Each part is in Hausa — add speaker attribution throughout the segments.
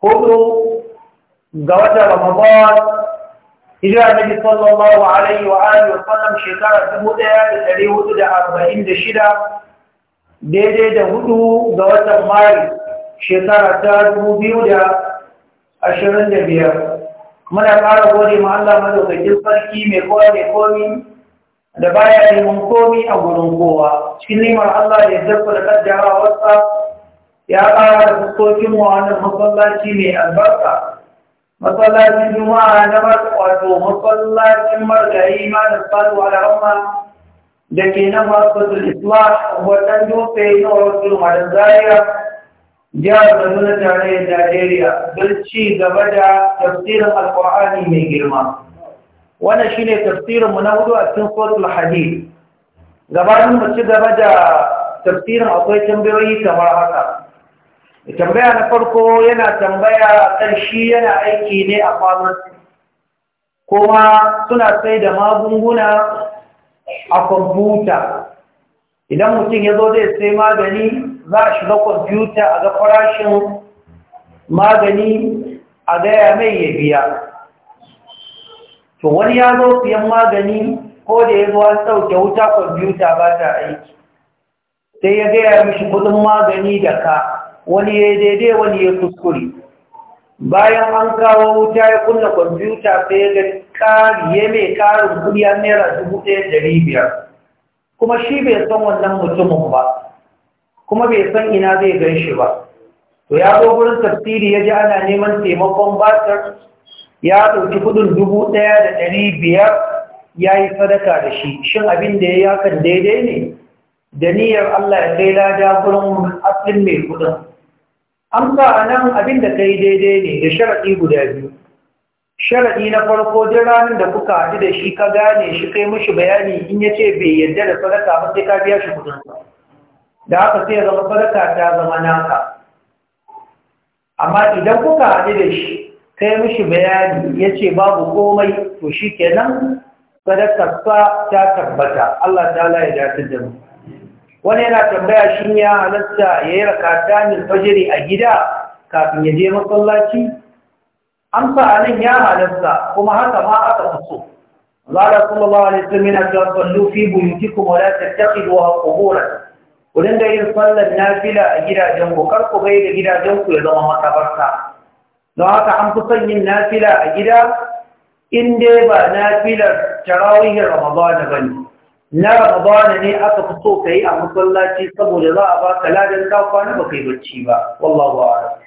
Speaker 1: hudu ga wata ramadan hijira nabi sallallahu alaihi wa alihi wa sallam shekara shida, daidai da hudu ga watan mayu shekara ta da biyar, muna ƙara gode ma Allah madaukakin sarki mai kowa mai komi da baya neman komi a gurin kowa cikin neman Allah da ya zafi da kaddara wasa ya ƙara fuskokin mu wannan masallaci mai albarka masallacin juma'a na wato masallacin margayi ma da salu al'amma da ke nan masu islah wadan dofe na wasu madan zaria jihar kaduna tarayyar najeriya bilci gaba da tafsirin alkur'ani mai girma wannan shine tafsirinmu na hudu a cikin suratul hadid gabanin mu ci gaba da tafsirin akwai tambayoyi kamar haka tambaya na farko yana tambaya kan shi yana aiki ne a pharmacy kuma suna sai da magunguna a kwamfuta idan mutum ya zo zai sai magani za a shiga kwamfuta a ga farashin magani a gaya mai ya biya to wani ya zo siyan magani ko da ya zo an wuta kwamfuta ba ta aiki sai ya gaya mishi kudin magani da ka wani ya daidai wani ya kuskure bayan an kawo wuta ya kunna kwamfuta sai ga kari ya mai karin kuɗi an naira dubu ɗaya ɗari biyar kuma shi bai san wannan mutumin ba kuma bai san ina zai gan shi ba to ya zo gurin tafsiri ya ji ana neman taimakon batar ya ɗauki kudin dubu ɗaya da dari biyar ya yi sadaka da shi shin abin da ya yi hakan daidai ne da niyyar Allah ya kai lada gurin asalin mai kudin an sa a nan abin da yi daidai ne da sharaɗi guda biyu sharaɗi na farko duk ranar da kuka haɗu da shi ka gane shi kai mashi bayani in ya ce bai yarda da sadaka ba sai ka biya shi kudinsa da haka sai zama sadaka ta zama naka amma idan kuka haɗu da shi kai mashi bayani ya ce babu komai to shi kenan sadakarsa ta tabbata Allah ta la'ida ya jami'a da mu wani yana tambaya shi ya halatta ya yi rakata min fajiri a gida kafin ya je masallaci amsa a nan ya halatta kuma haka ma aka taso Allah sallallahu alaihi wasallam yana cewa sallu fi buyutikum wa la tattakhiduha quburan ku dinga yin sallar nafila a gidajen ku kar ku gaida gidajen ku ya zama makabarta don haka an fi son yin nafila a gida in dai ba nafilar tarawih ramadana bane na ramadana ne aka fi so ka yi a masallaci saboda za a ba ka ladan kafa na baka yi barci ba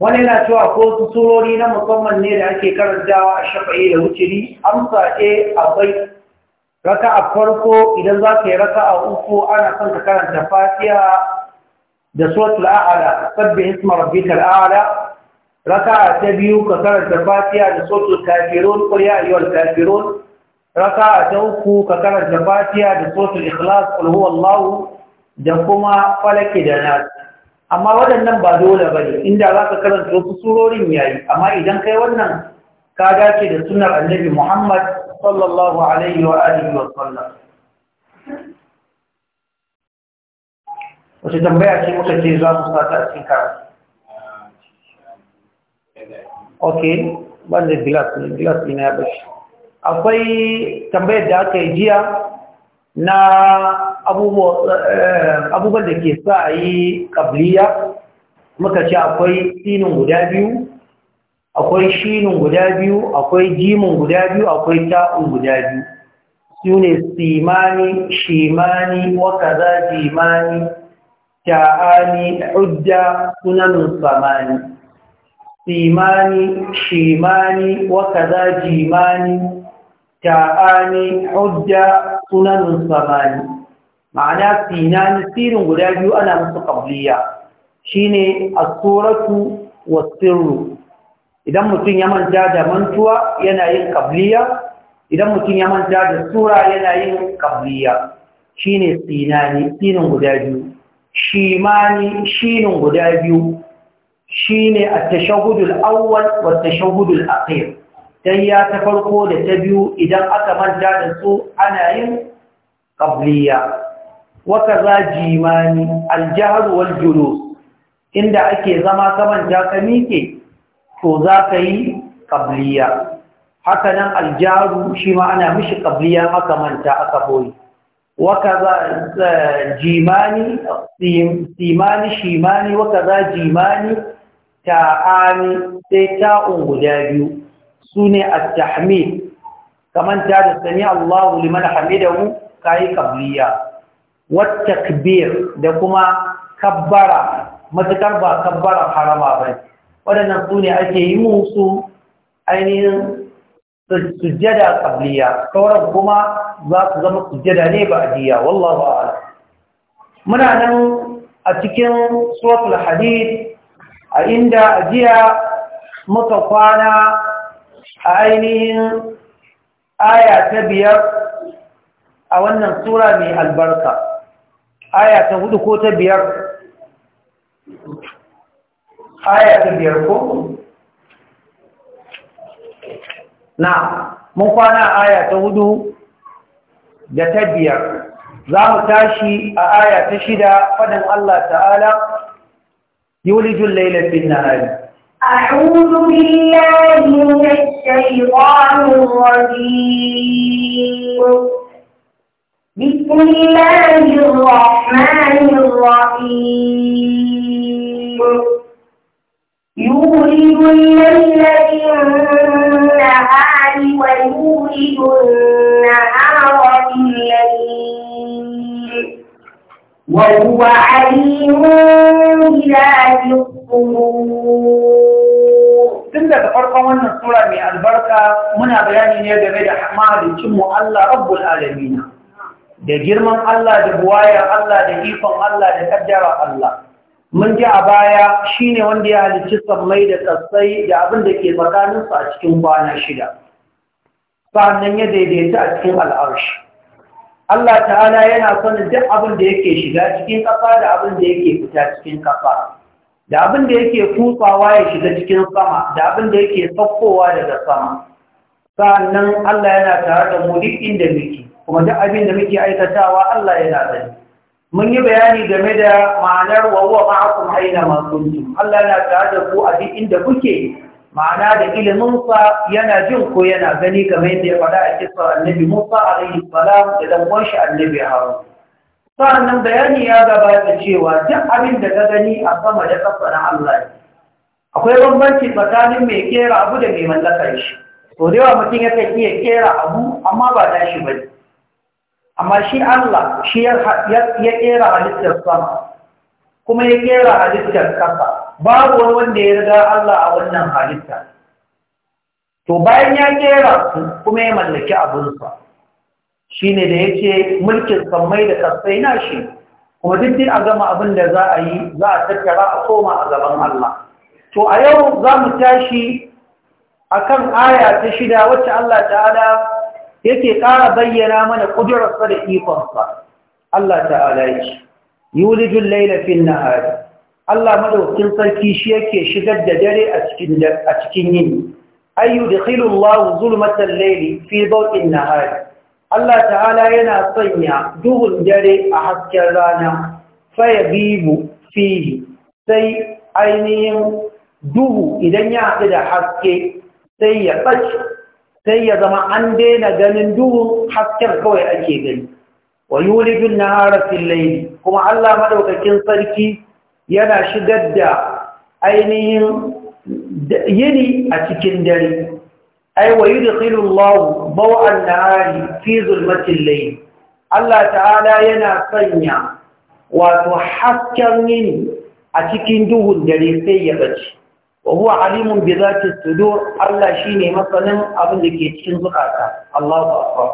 Speaker 1: wani na cewa ko su surori na musamman ne da ake karantawa a shafa'i da wuciri amsa e akwai raka a farko idan za ka yi raka a uku ana son ka karanta fatiha da suratul a'ala Sabbin isma rabbikal a'ala raka ta biyu ka karanta fatiha da suratul kafirun qul ya kafirun raka ta uku ka karanta Fatiya da sotul ikhlas qul huwallahu da kuma falaki da nas amma waɗannan ba dole bane inda zaka karanta su surorin yayi amma idan kai wannan ka dace da sunnar annabi Muhammad sallallahu alaihi wa alihi wa sallam wace tambaya ce muka ce za mu sa ta cikin karatu okay ban da glass ne glass ina ya bashi akwai tambayar da aka yi jiya na eh, abubuwan da ke sa a yi ƙabliya muka ce akwai tsinin guda biyu akwai shinin guda biyu akwai jimin guda biyu akwai ta'un guda biyu su ne simani shimani za jimani ta'ani hujja sunanin samani simani shimani wakaza jimani ta'ani hujja sunanun samani ma'ana sinani sirin guda biyu ana musu qabliya shine as-suratu was-sirru idan mutum ya manta da mantuwa yana yin qabliya idan mutum ya manta da sura yana yin qabliya shine sinani sinin guda biyu shimani shinin guda biyu shine a tashagudul awwal wat-tashahhudul akhir tahiyya ta farko da ta biyu idan aka manta da su ana yin qabliya wa kaza jimani al-jahr wal julus inda ake zama ka manta ka mike to za ka yi qabliya haka nan al shi ma ana mishi qabliya aka manta aka boye وكذا جيماني سيماني شيماني وكذا ta'ani sai ta'un guda biyu. sune at-tahmid kaman ta da sani Allahu liman hamidahu kai kabliya wat takbir da kuma kabbara matakar ba kabbara harama ba wadannan sune ake yi musu ainihin sujjada qabliya sauran kuma za su zama sujjada ne ba adiya wallahu a'lam muna nan a cikin suratul hadid a inda ajiya muka kwana a ainihin aya ta biyar a wannan sura mai albarka aya ta hudu ko ta biyar aya ta biyar ko na mun kwana aya ta hudu da ta biyar za mu tashi a aya ta shida faɗan Allah ta'ala yulijin na hari
Speaker 2: أعوذ بالله من الشيطان الرجيم بسم الله الرحمن الرحيم يولد الليل في النهار ويولد النهار في الليل وهو عليم
Speaker 1: بذات tun daga farkon wannan sura mai albarka muna bayani ne game da mahalicinmu Allah rabbul alamina da girman Allah da buwayar Allah da ikon Allah da kaddara Allah mun ji a baya shi ne wanda ya halicci sammai da tsatsai da abin da ke tsakaninsu a cikin kwana shida sannan ya daidaita a cikin al'arshi. Allah ta'ala yana sanin duk abin da yake shiga cikin ƙasa da abin da yake fita cikin ƙasa. da abin da yake kutsawa ya shiga cikin sama da abin da yake saukowa daga sama sa'annan Allah yana tare da mu duk inda muke kuma duk abin da muke aikatawa Allah yana sani mun yi bayani game da ma'anar wa ma’akun haina aina ma Allah yana tare da ku a duk inda kuke ma'ana da ilimin yana jin ko yana gani game da ya faɗa a kisa annabi Musa alaihi salam da dan shi annabi Harun sa'annan bayani ya gabata cewa duk abin da ta gani a sama da ƙasa na Allah ne akwai bambanci tsakanin mai kera abu da mai mallakar shi to da mutum ya kan iya kera abu amma ba ta shi bane amma shi Allah shi ya kera halittar sama kuma ya kera halittar ƙasa babu wani wanda ya riga Allah a wannan halitta to bayan ya kera kuma ya mallaki abinsa shine da yace mulkin sammai da ƙasai na shi kuma duk dai a gama abin da za a yi za a tattara a koma a gaban Allah to a yau za mu tashi a kan aya ta shida wacce Allah ta'ala yake ƙara bayyana mana ƙudurarsa da ikonsa Allah ta'ala yake yulijul laila fin nahar Allah maɗaukin sarki shi yake shigar da dare a cikin yini ay yudkhilu Allah zulmatal fi daw'in nahar Allah ta'ala yana sanya duhun dare a hasken rana faya bibu fihi sai ainihin duhu idan ya haɗu da haske sai ya ɓace sai ya zama an daina ganin duhun hasken kawai ake gani wa yulijin na harafin laili kuma Allah maɗaukakin sarki yana shigar da ainihin yini a cikin dare ai wa yudkhilu Allahu baw'an nahari fi zulmatil layl Allah ta'ala yana sanya wato hasken yini a cikin duhun dare sai ya bace wa huwa alimun bi zati sudur Allah shine masanin abin da ke cikin zukata Allahu akbar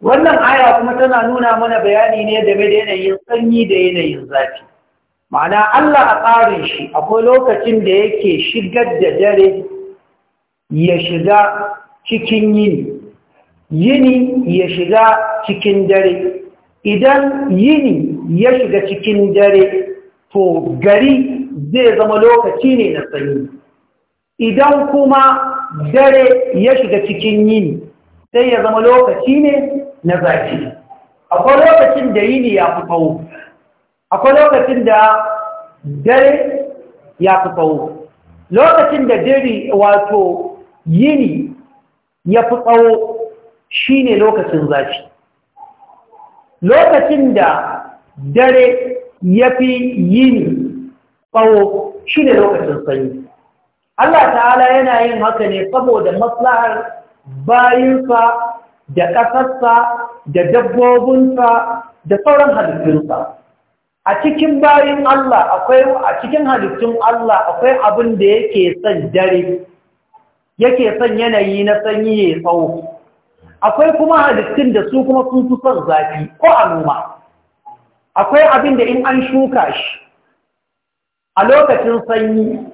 Speaker 1: wannan aya kuma tana nuna mana bayani ne game da yanayin sanyi da yanayin zafi ma'ana Allah a tsarin shi akwai lokacin da yake shigar da dare ya shiga cikin yini yini ya shiga cikin dare idan yini ya shiga cikin dare to gari zai zama lokaci ne na sanyi idan kuma dare ya shiga cikin yini sai ya zama lokaci ne na zafi akwai lokacin da yini ya fi kawo akwai lokacin da dare ya fi kawo lokacin da dare wato yini ya fi tsawo shi ne lokacin zafi lokacin da dare ya fi yini tsawo shi ne lokacin sanyi Allah ta'ala yana yin haka ne saboda maslahar bayinsa da ƙasarsa da dabbobinsa da sauran halittunsa a cikin bayin Allah akwai a cikin halittun Allah akwai abin da yake son dare yake son yanayi na sanyi ya tsawo akwai kuma halittun da su kuma sun fi son zafi ko a noma akwai abin da in an shuka shi a lokacin sanyi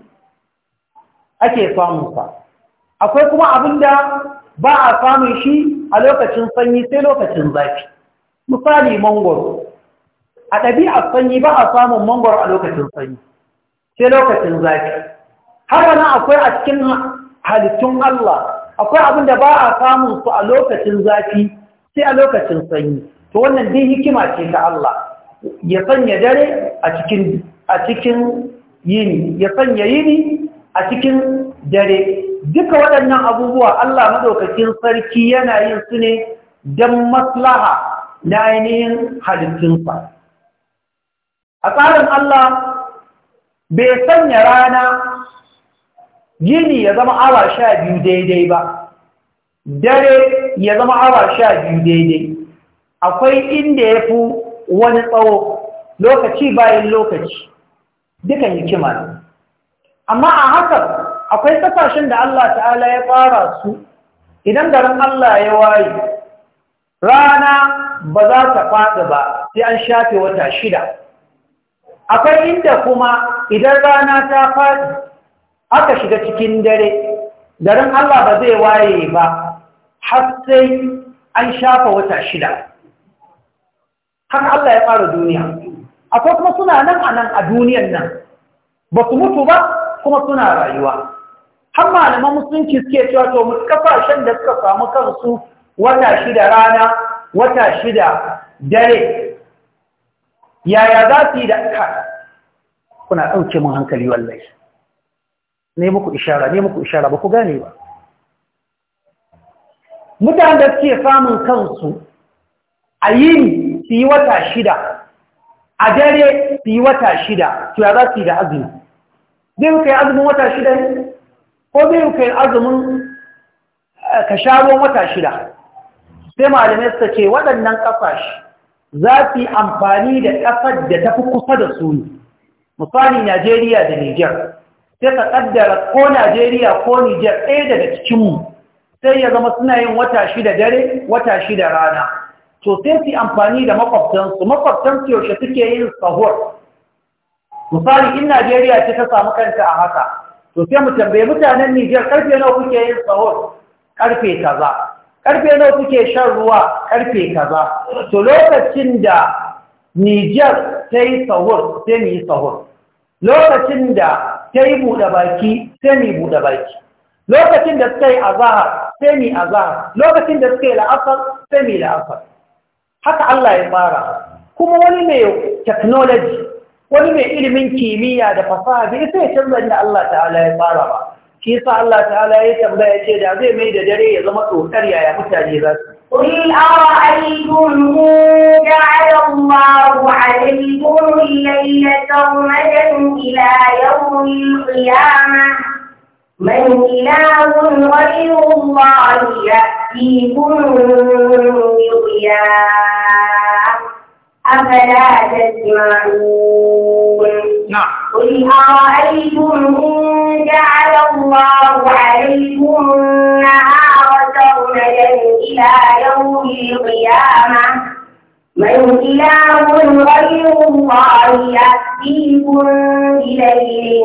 Speaker 1: ake samunsa akwai kuma abin da ba a samun shi a lokacin sanyi sai lokacin zafi misali mangoro a ɗabi'ar sanyi ba a samun mangoro a lokacin sanyi sai lokacin zafi haka nan akwai a cikin halittun Allah akwai abin da ba a samun su a lokacin zafi sai a lokacin sanyi to wannan dai hikima ce ta Allah ya sanya dare a cikin yini ya sanya yini a cikin dare duka waɗannan abubuwa Allah maɗaukakin sarki yana yin su ne don maslaha na ainihin halittunsa a tsarin Allah bai sanya rana yini ya zama awa sha biyu daidai ba dare ya zama awa sha biyu daidai akwai inda ya fi wani tsawo lokaci bayan lokaci duka hikima ne amma a haka akwai kasashen da Allah ta'ala ya fara su idan garin Allah ya waye rana ba za ta faɗi ba sai an shafe wata shida akwai inda kuma idan rana ta faɗi aka shiga cikin dare Darin Allah ba zai waye ba har sai an shafa wata shida Kan Allah ya fara duniya akwai kuma suna nan a nan a duniyan nan ba su mutu ba kuma suna rayuwa har malaman musulunci suke cewa to mu kafashen da suka samu kansu wata shida rana wata shida dare yaya za su yi da kuna ɗauke mun hankali wallahi ne muku ishara ne muku ishara ba ku gane ba mutane da suke samun kansu a yini su yi wata shida a dare fi wata shida to ya za su yi da azumi zai kai azumin wata shida ne ko zai kai azumin eh, ka sha wata shida sai malamai suka ce waɗannan ƙasashe za su yi amfani da ƙasar da ta fi kusa da su misali Najeriya da Nijar sai ka kaddara ko Najeriya ko Nijar ɗaya daga cikinmu sai ya zama suna yin wata da dare wata shida rana to sai su amfani da makwabtansu makwabtansu yaushe suke yin sahur misali in Najeriya ce ta samu kanta a haka to sai mu tambaye mutanen Nijar karfe nawa kuke yin sahur karfe kaza karfe nawa kuke shan ruwa karfe kaza to lokacin da Nijar ta yi sahur sai mu yi sahur lokacin da ta yi buɗe baki sai ni buɗe baki lokacin da suka yi azahar sai ni azahar lokacin da suka yi la'asar sai ni la'afar. haka Allah ya fara kuma wani mai technology wani mai ilimin kimiyya da fasaha bai sai canza da Allah ta'ala ya fara ba shi yasa Allah ta'ala ya tambaya ce da zai mai da dare ya zama tsotar yaya mutane za su قل أرأيتم إن جعل الله عليكم الليل
Speaker 2: سرمدا إلى يوم القيامة من إله غير الله يأتيكم بضياء أفلا تسمعون نعم. قل أرأيتم إن جعل
Speaker 1: الله عليكم
Speaker 2: النهار سرمدا إلى يوم القيامة من إله غير الله يأتيكم بليل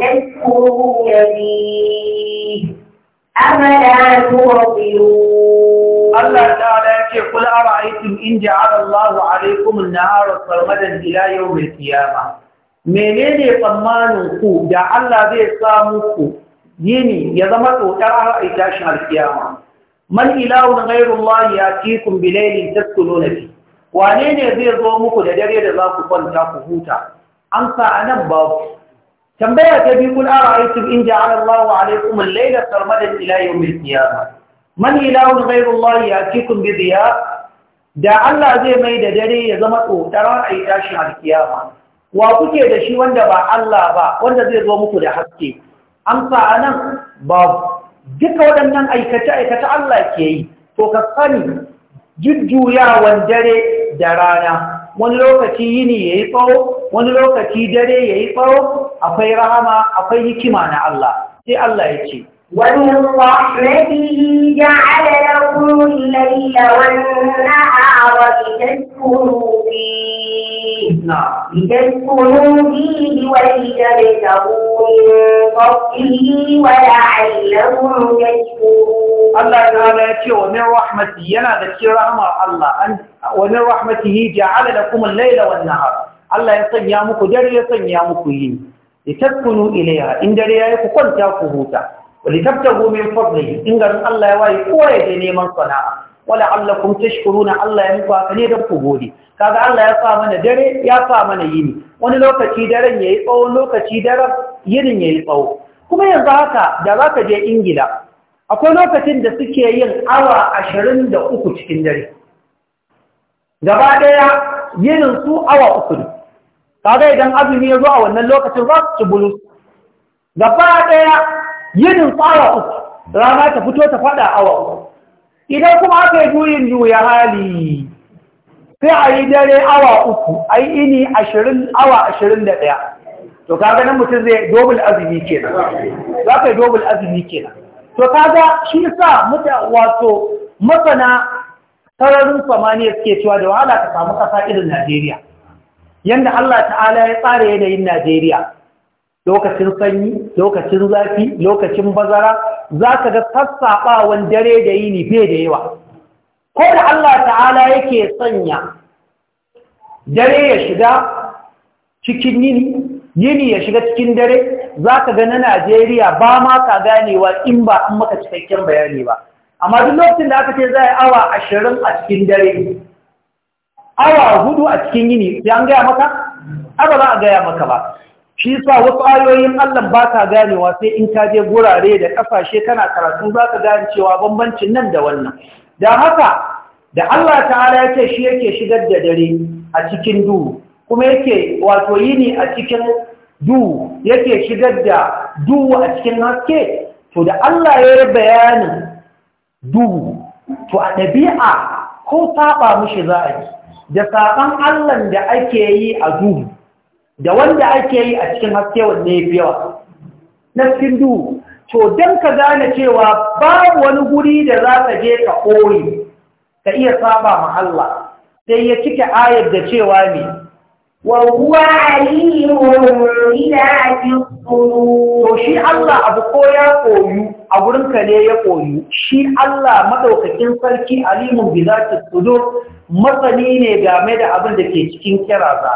Speaker 2: تسكنون
Speaker 1: فيه أفلا تبصرون الله تعالى يقول قل أرأيتم إن جعل na عليكم النهار سرمدا yau mai القيامة menene tsammanin ku da Allah zai sa muku yini ya zama tsotar har shi tashin alkiyama man ilahun ghairullah ya tikum bilailin taskununa fi wane ne zai zo muku da dare da za ku kwanta ku huta an sa anan babu tambaya ta biyu kun ara aikin in ja'ala Allahu alaikum al-layla sarmadan ila yawm al-qiyamah man ilahun ghayru Allah bi diya da Allah zai mai da dare ya zama tsotara a tashin al-qiyama wa kuke da shi wanda ba Allah ba wanda zai zo muku da haske amsa anan babu duka waɗannan aikace-aikace Allah ke yi to ka sani jujjuyawan dare da rana wani lokaci yini ya yi tsawo wani lokaci dare ya yi tsawo akwai rahama akwai hikima na Allah sai Allah ya ce ومن رحمته جعل لكم الليل والنهار من الله
Speaker 2: ومن رحمته
Speaker 1: الله ومن رحمته جعل لكم الليل والنهار Allah ya sanya muku dare ya sanya muku yi litaskunu ilayha in dare yayi ku kwanta ku huta walitabtagu min fadlihi in garin Allah ya waye kowa ya je neman sana'a wala allakum na Allah ya muku haka ne don ku gode kaga Allah ya sa mana dare ya sa mana yini wani lokaci daren yayi tsawon lokaci daren yinin yayi tsawo kuma yanzu haka da zaka je Ingila akwai lokacin da suke yin awa ashirin da uku cikin dare gaba ɗaya yinin su awa uku kaga idan azumi ya zo a wannan lokacin za su bulu bulus gaba ɗaya yinin fara uku rana ta fito ta faɗa awa uku idan kuma aka yi juyin juya hali sai a yi dare awa uku a yi ini ashirin awa ashirin da ɗaya to kaga nan mutum zai dobul azumi kenan za ka yi dobul azumi kenan to kaga shi sa muta wato masana sararin samaniya suke cewa da wahala ta samu ƙasa irin najeriya Yadda Allah ta'ala ya tsara yanayin Najeriya lokacin sanyi lokacin zafi lokacin bazara za ka ga sassaɓawan dare da yini fe da yawa ko da Allah ta'ala yake sanya dare ya shiga cikin yini yini ya shiga cikin dare za ka ga na Najeriya ba ma ka ganewa in ba in maka cikakken bayani ba amma duk lokacin da aka ce za a yi awa ashirin a cikin dare awa hudu a cikin yini sai an gaya maka aba za a gaya maka ba shi sa wasu ayoyin Allah ba ka ganewa sai in ka je gurare da ƙasashe kana karatu za ka gane cewa bambancin nan da wannan da haka da Allah ta'ala ya ce shi yake shigar da dare a cikin duhu kuma yake wato yini a cikin duhu yake shigar da duhu a cikin haske to da Allah ya yi bayanin duhu to a ɗabi'a ko saɓa mushi za a yi da saƙon Allah da ake yi a duhu da wanda ake yi a cikin haske wanda ya fi yawa na cikin duhu to don ka gane cewa babu wani guri da za ka je ka ƙori, ka iya saba ma Allah sai ya cike ayar da cewa ne وهو
Speaker 2: عليم
Speaker 1: بذات الصدور to shi Allah abu ko ya koyu a gurin شي الله ya koyu shi Allah الصدور sarki alimun masani ne game da abin da ke cikin kiraza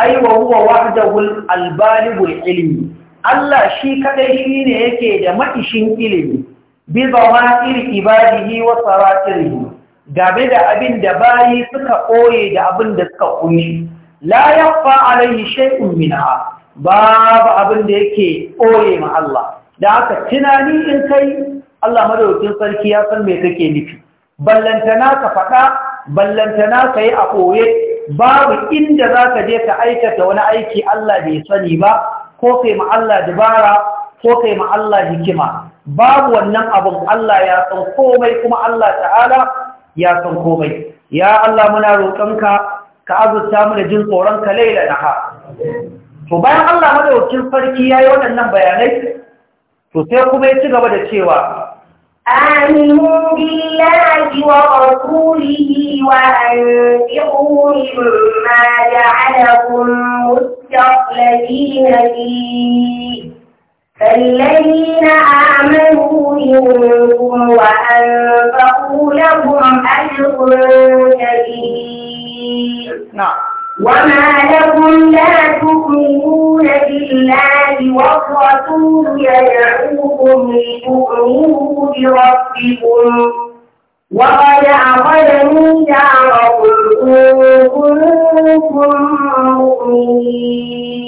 Speaker 1: ai wa huwa wahdahu albaligul ilmi Allah shi kadai shine yake da maishin ilimi bi zawahir ibadihi wa saratihi game da abin da bayi suka koye da abin da suka kunshi la yaqfa alaihi shay'un minha babu abin da yake ɓoye ma Allah da haka tunani in kai Allah madaukakin sarki ya san me kake nufi ballantana ka faɗa ballantana ka yi a ɓoye babu inda za ka je ka aikata wani aiki Allah bai sani ba ko kai ma Allah dabara ko kai ma Allah hikima babu wannan abin Allah ya san komai kuma Allah ta'ala ya san komai ya Allah muna roƙonka ka azurta mu da jin tsoron ka laila na ha to bayan Allah madaukakin sarki yayi waɗannan bayanai to sai kuma ya ci gaba da cewa آمنوا بالله ورسوله
Speaker 2: وأنفقوا مما جعلكم مستخلفين فيه فالذين آمنوا منكم وأنفقوا لهم أجر كبير
Speaker 1: وما
Speaker 2: لكم لا تؤمنون بالله والرسول يدعوكم لتؤمنوا بربكم
Speaker 1: وقد أخذ
Speaker 2: ميثاقكم إن كنتم مؤمنين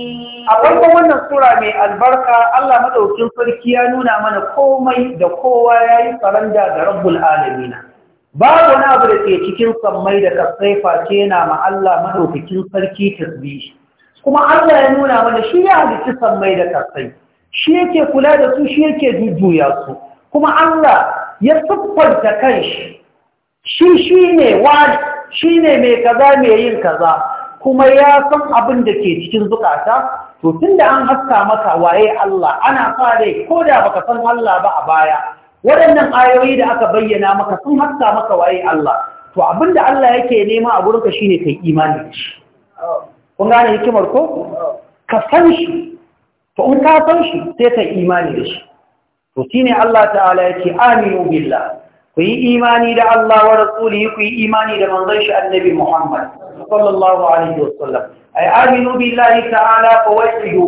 Speaker 1: a farkon wannan sura mai albarka Allah madaukin sarki ya nuna mana komai da kowa ya yi da ga rabbul alamina babu na abu da ke cikin sammai da kasai face yana ma madaukakin sarki tasbihi kuma Allah ya nuna mana shi ya halicci sammai da kasai shi yake kula da su shi yake jujjuya su kuma Allah ya siffanta kanshi shi shi ne wani shi ne mai kaza mai yin kaza kuma ya san abin da ke cikin zukata to tun da an haska maka waye Allah ana sa dai ko da baka san Allah ba a baya waɗannan ayoyi da aka bayyana maka sun haska maka waye Allah to abinda Allah yake nema a gurinka shine kai imani da shi kun gane hikimar ko ka san shi to in ka san shi sai kai imani da shi to shine Allah ta'ala yake aminu billah ku yi imani da Allah wa rasulihi ku yi imani da manzon shi annabi Muhammad sallallahu alaihi wasallam ay aminu billahi ta'ala fa wahidu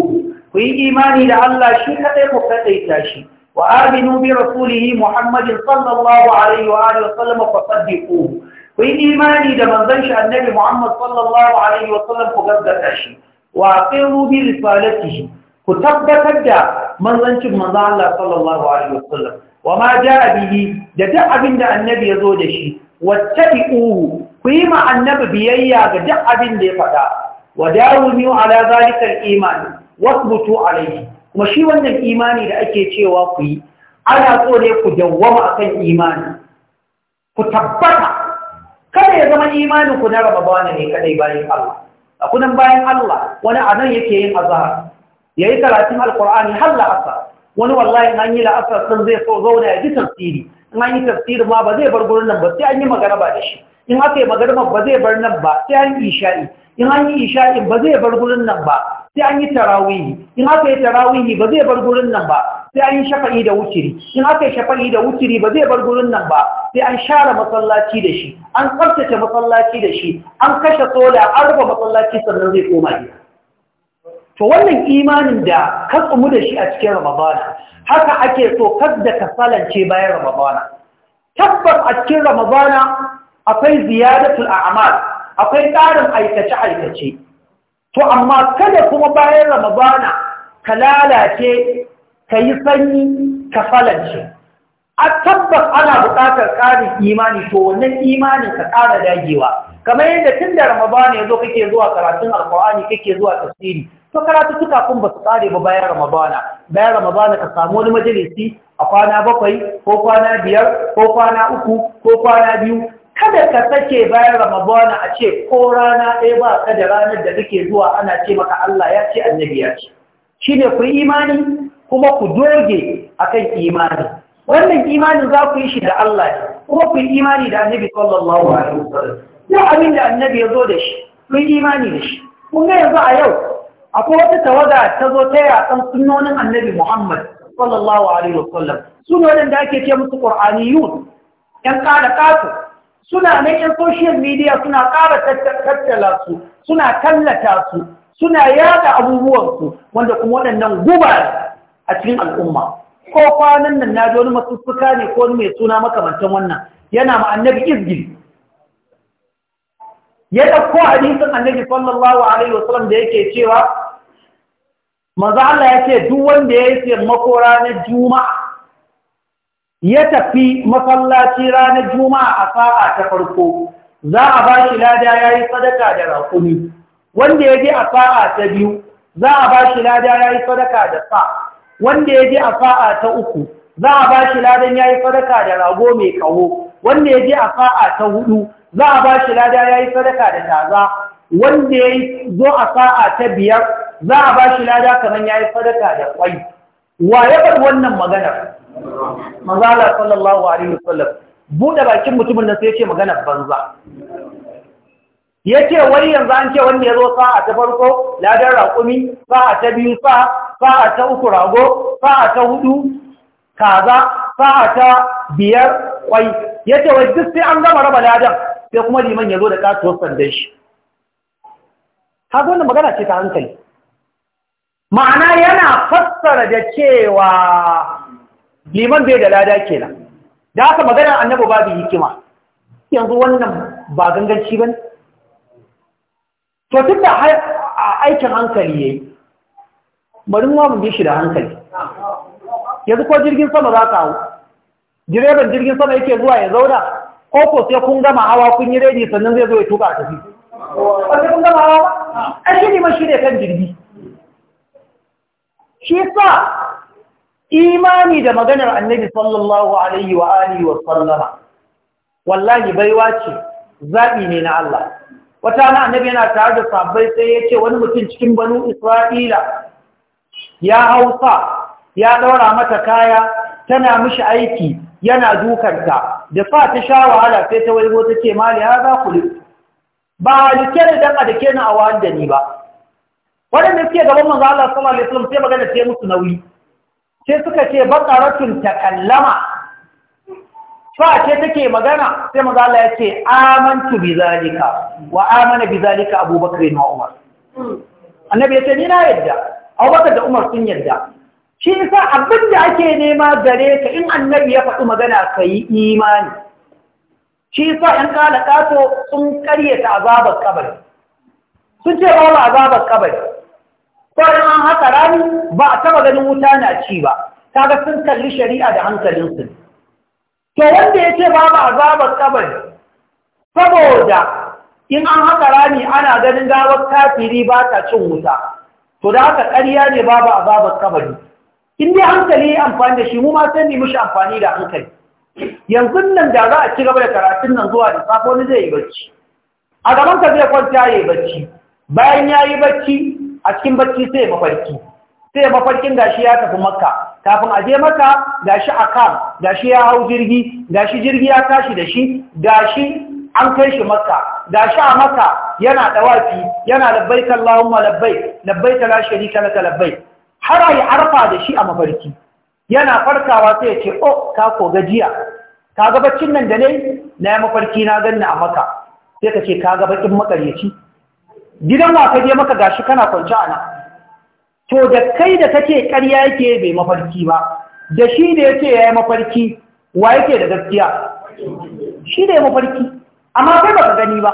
Speaker 1: ku yi imani da Allah shi kadai ku kadaita shi وآمنوا برسوله محمد صلى الله عليه وآله وسلم فصدقوه في إيماني ده منزلش النبي محمد صلى الله عليه وسلم فقد أشي وأقروا برسالته كتبت ده منزلش منزل الله صلى الله عليه وسلم وما جاء به ده ده أبن ده النبي يزود شيء واتبعوه قيمة النبي بيئيا ده ده أبن ده فدا وداولوا على ذلك الإيمان واثبتوا عليه kuma shi wannan imani da ake cewa ku yi ana so ne ku dawwama akan imani ku tabbata kada ya zama imanin ku na raba bana ne kadai bayan Allah a kunan bayan Allah wani anan yake yin azhar yayi karatun alqur'ani har la'asar wani wallahi an yi la'asar sun zai so zauna ya ji tafsiri in an yi tafsiri ma ba zai bar gurin nan ba sai an yi magana ba da shi in aka yi magarmar ba zai bar nan ba sai an yi isha'i in an yi isha'i ba zai bar gurin nan ba sai an yi tarawihi in aka yi tarawihi ba zai bar gurin nan ba sai an yi shafa'i da wutiri in aka yi shafa'i da wutiri ba zai bar gurin nan ba sai an share masallaci da shi an tsaftace masallaci da shi an kashe sola an rufe masallaci sannan zai koma gida to wannan imanin da ka tsumu da shi a cikin ramadana haka ake so kas da ka salance bayan ramadana tabbas a cikin ramadana akwai ziyadatul a'mal akwai ƙarin aikace aikace to amma kada kuma bayan ramadana ka lalace ka yi sanyi ka falance a tabbas ana buƙatar ƙarin imani to wannan imanin ka ƙara dagewa kamar yadda tun da ramadana ya zo kake zuwa karatun alƙur'ani kake zuwa tafsiri to karatu suka kun ba su tsare ba bayan ramadana bayan ramadana ka samu wani majalisi a kwana bakwai ko kwana biyar ko kwana uku ko kwana biyu kada ka sake bayan ramadana a ce ko rana ɗaya ba ka da ranar da kake zuwa ana ce maka Allah ya ce annabi ya ce shi ne ku imani kuma ku doge akan imani wannan imanin za ku yi shi da Allah ne kuma ku yi imani da annabi sallallahu alaihi wasallam ya abin da annabi ya zo da shi ku yi imani da shi kun ga yanzu a yau akwai wata tawaga ta zo ta yatsan sunnonin annabi Muhammad sallallahu alaihi wasallam sunonin da ake ce musu qur'aniyun yan kada kafu suna nan yan social media suna ƙara tattala su suna tallata su suna yada abubuwansu wanda kuma waɗannan guba a cikin al'umma ko kwanan nan na wani masussuka ne ko wani mai suna makamantan wannan yana ma annabi izgil ya ɗauko hadisin annabi sallallahu alaihi wasallam da yake cewa manzo Allah ya ce duk wanda ya yi taimako ranar juma'a ya tafi masallaci ranar juma'a a sa'a ta farko za a ba shi lada ya yi sadaka da raƙumi wanda ya je a sa'a ta biyu za a ba shi lada ya yi sadaka da sa wanda ya je a sa'a ta uku za a ba shi ladan ya yi sadaka da rago mai kawo wanda ya je a sa'a ta hudu za a ba shi lada ya yi sadaka da taza wanda ya zo a sa'a ta biyar za a ba shi lada kamar ya yi sadaka da kwai wa ya faɗi wannan maganar mazala sallallahu alaihi wasallam buɗe bakin mutumin nan sai yace magana banza ya ce wai yanzu an ce wanda ya sa'a ta farko ladar raƙumi sa'a ta biyu sa'a sa'a ta uku rago sa'a ta hudu kaza sa'a ta biyar kwai ya wai duk sai an gama raba ladan sai kuma liman ya zo da kasuwar sanda shi haka magana ce ta hankali ma'ana yana fassara da cewa liman bai da lada kenan da aka magana annabi babu hikima yanzu wannan ba ganganci ba to tun da aikin hankali yayi bari mu mu bi shi da hankali yanzu ko jirgin sama za ka hau direban jirgin sama yake zuwa ya zauna ko ko sai kun gama hawa kun yi redi sannan zai zo ya tuka a tafi sai gama hawa ba a ne ma ne kan jirgi shi sa imani da maganar annabi sallallahu alaihi wa alihi wa sallama wallahi baiwa ce zaɓi ne na Allah wata na annabi yana tare da sabbai sai ya ce wani mutum cikin banu isra'ila ya hausa ya ɗaura mata kaya tana mishi aiki yana dukanta da fa ta sha wahala sai ta waigo ta ce mali ya za ku ba halike da dan adake na a wanda ni ba Wadanda suke gaban manzo Allah sallallahu alaihi wasallam sai magana ta musu nauyi sai suka ce ta kallama fa ce take magana sai manzo Allah ya ce amantu bi zalika wa amana bi zalika Abubakar Umar annabi ya ce ni na yadda Abubakar da Umar sun yadda shi yasa abin da ake nema gare ka in annabi ya faɗi magana kai imani shi yasa kala kalakato sun karyata azabar kabari sun ce babu azabar kabari Kawai an haka rani ba a taba ganin wuta na ci ba kaga sun kalli shari'a da hankalinsu to wanda ya ce babu azabar kabari saboda in an haka rani ana ganin gawar kafiri ba ta cin wuta to da haka ƙarya ne ba babu azabar kabari in dai hankali ya amfani da shi mu ma sai ne mishi amfani da hankali yanzu nan da za a ci gaba da karatun nan zuwa da safo wani zai yi bacci a gaban ka zai kwanta ya yi bacci bayan ya yi bacci a cikin bacci sai mafarki sai mafarkin gashi ya tafi makka kafin a je maka gashi a da gashi ya hau jirgi gashi jirgi ya tashi da shi gashi an kai shi makka gashi a makka yana ɗawafi, yana labbai allahumma labbaik labbai la sharika laka labbai har ayi arfa da shi a mafarki yana farkawa sai ya ce o oh, ka ko gajiya ka ga baccin nan da ne na mafarki na ganni a makka sai ka ce ka ga makaryaci gidan wa ka je maka gashi kana kwance ana to da kai da kake ƙarya yake bai mafarki ba da shi da yake yayi mafarki wa yake da gaskiya shi da yake mafarki amma kai baka gani ba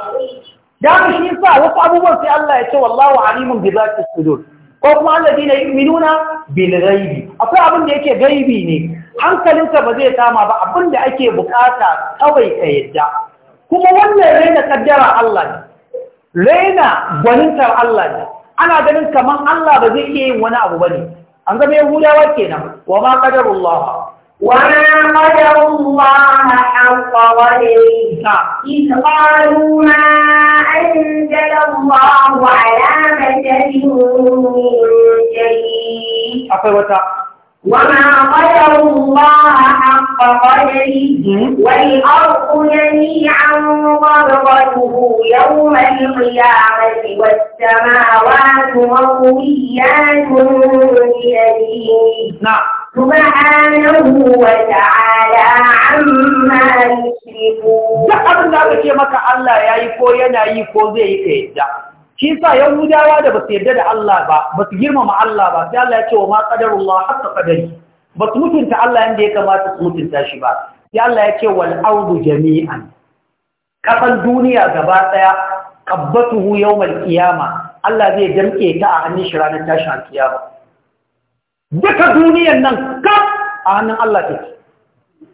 Speaker 1: da shi sa wasu abubuwan sai Allah ya ce wallahu alimun bi zati sudur ko kuma alladina yu'minuna bil ghaibi akwai abin da yake gaibi ne hankalinka ba zai kama ba abin da ake bukata kawai ka yadda kuma wannan raina kaddara Allah ne raina gwanintar Allah ne ana ganin kaman Allah ba zai iya yin wani abu ba ne. an zama yahudawa kenan wa ma qadarullah wa ma
Speaker 2: qadarullah haqqa qadarihi إذ قالوا ما أنزل الله على بشر من شيء
Speaker 1: وما قدروا
Speaker 2: قبله والأرض جميعا قبضته يوم القيامة والسماوات مطويات بيمينه سبحانه وتعالى عما يشركون.
Speaker 1: Duk abin da aka ce maka Allah ya yi ko yana yi ko zai yi ka yadda. shi sa yahudawa da ba su yarda da Allah ba ba su girmama Allah ba sai Allah ya ce wa ma qadarullah hatta qadari ba su mutunta Allah yadda ya kamata su mutunta shi ba sai Allah ya ce wal ardu jami'an kafan duniya gaba daya qabbatuhu yawmal qiyama Allah zai damke ta a hannun shi ranar tashin kiyama duka duniyar nan kaf a hannun Allah ta ce.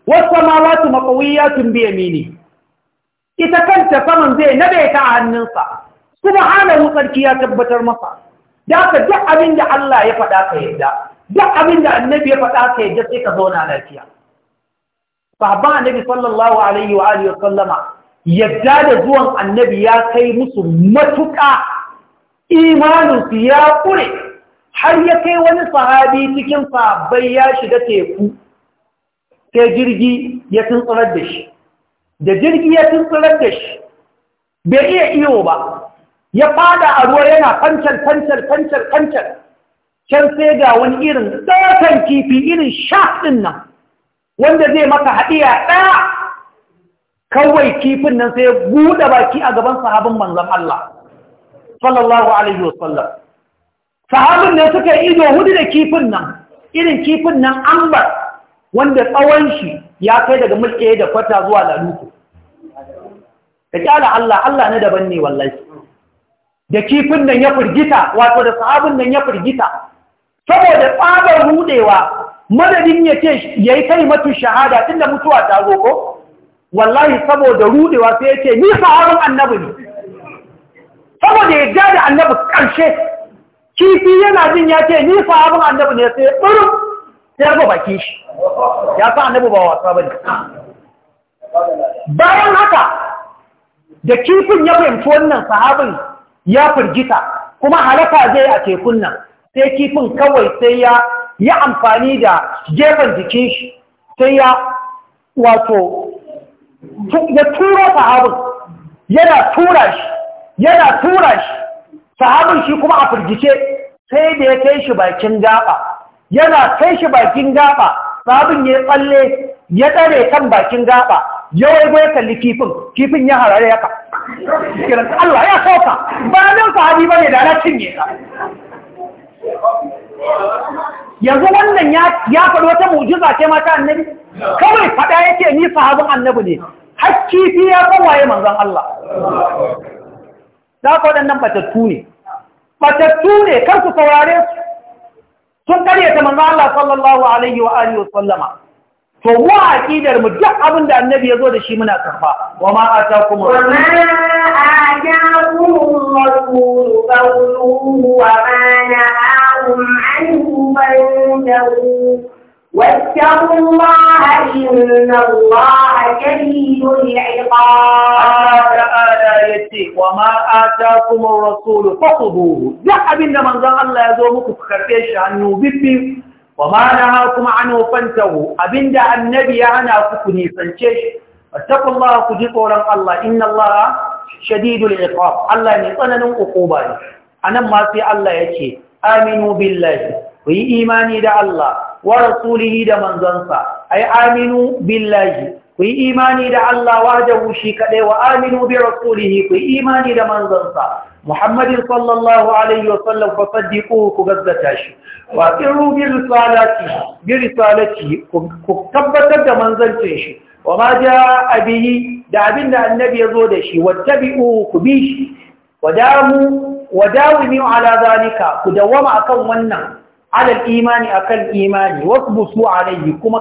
Speaker 1: wasu su samawati maqawiyatun bi mini. ita kanta saman zai nabe ta a hannunsa subhanahu sarki ya tabbatar masa da ka duk abin da Allah ya faɗa ka yadda duk abin da annabi ya faɗa ka yadda sai ka zauna lafiya sahabban annabi sallallahu alaihi wa alihi sallama yadda da zuwan annabi ya kai musu matuƙa imaninsu ya ƙure har ya kai wani sahabi cikin sahabbai ya shiga teku sai jirgi ya tuntsurar da shi da jirgi ya tuntsurar da shi bai iya iyo ba ya fada a ruwa yana fancal fancal fancal fancal can sai ga wani irin tsakan kifi irin shaɗin ɗin nan wanda zai maka haɗiya ɗaya kawai kifin nan sai buɗe baki a gaban sahabin manzan Allah sallallahu alaihi wasallam sahabin nan suka ido hudu da kifin nan irin kifin nan ambar wanda tsawon shi ya kai daga mulke da kwata zuwa laluku ka kyala Allah Allah na daban ne wallahi da kifin nan ya firgita wato da sahabin nan ya firgita saboda tsabar rudewa madadin ya ce ya yi kalimatu shahada tun da mutuwa ta zoko wallahi saboda rudewa sai ya ce ni sahabin annabi ne saboda ya ja da annabi ƙarshe kifi yana jin ya ce ni sahabin annabi ne sai ɓurin sai ya baki shi ya sa annabi ba wasa ba ne bayan haka da kifin ya fahimci wannan sahabin ya firgita kuma halaka zai a tekun nan sai kifin kawai sai ya yi amfani da gefen jikin shi sai ya wato ya tura sahabin yana tura shi yana tura shi sahabin shi kuma a firgice sai da ya kai shi bakin gaba yana kai shi bakin gaba sahabin ya tsalle ya tsare kan bakin gaba yawai ya kalli kifin kifin ya harare ya ka
Speaker 2: Allah ya sauka, ba nan sahabi ne da na cinye ka yanzu
Speaker 1: wannan ya faɗo wata mujiza ce mata annabi kawai faɗa yake ni sahabin annabi ne hakki fi ya kawaye manzan Allah Za ka waɗannan batattu ne batattu ne kar su saurare su sun ta manzan Allah sallallahu alaihi wa alihi wa sallama فهو عقيدر مجد أبن دا النبي يزود الشيمنا كفا وما أتاكم وما
Speaker 2: أتاكم الرسول فولوه وما نهاهم عنه بلده
Speaker 1: واتقوا
Speaker 2: الله إن الله جديد العقاب
Speaker 1: تعالى يتي وما آتاكم الرسول فخذوه يا أبن من ذا الله يزومك بخفيش عنه بفيه wa ma nahakum anhu fantahu abinda annabi ya hana ku ku nisance shi a ku ji tsoron Allah inna Allah shadidul iqab Allah ne tsananin ukuba ne anan ma sai Allah ce. aminu billahi ku yi imani da Allah wa rasulihi da manzansa ai aminu billahi ku yi imani da Allah wahdahu shi kadai wa aminu bi rasulihi ku yi imani da manzansa محمد صلى الله عليه وسلم فصدقوه كغزة شي وأقروا برسالته برسالته كتبت من زلتش وما جاء به دعبنا النبي يزود شي واتبعوه كبيش وداموا وداوموا على ذلك كدوما أكون ونا على الإيمان أكل إيماني واثبتوا عليه كما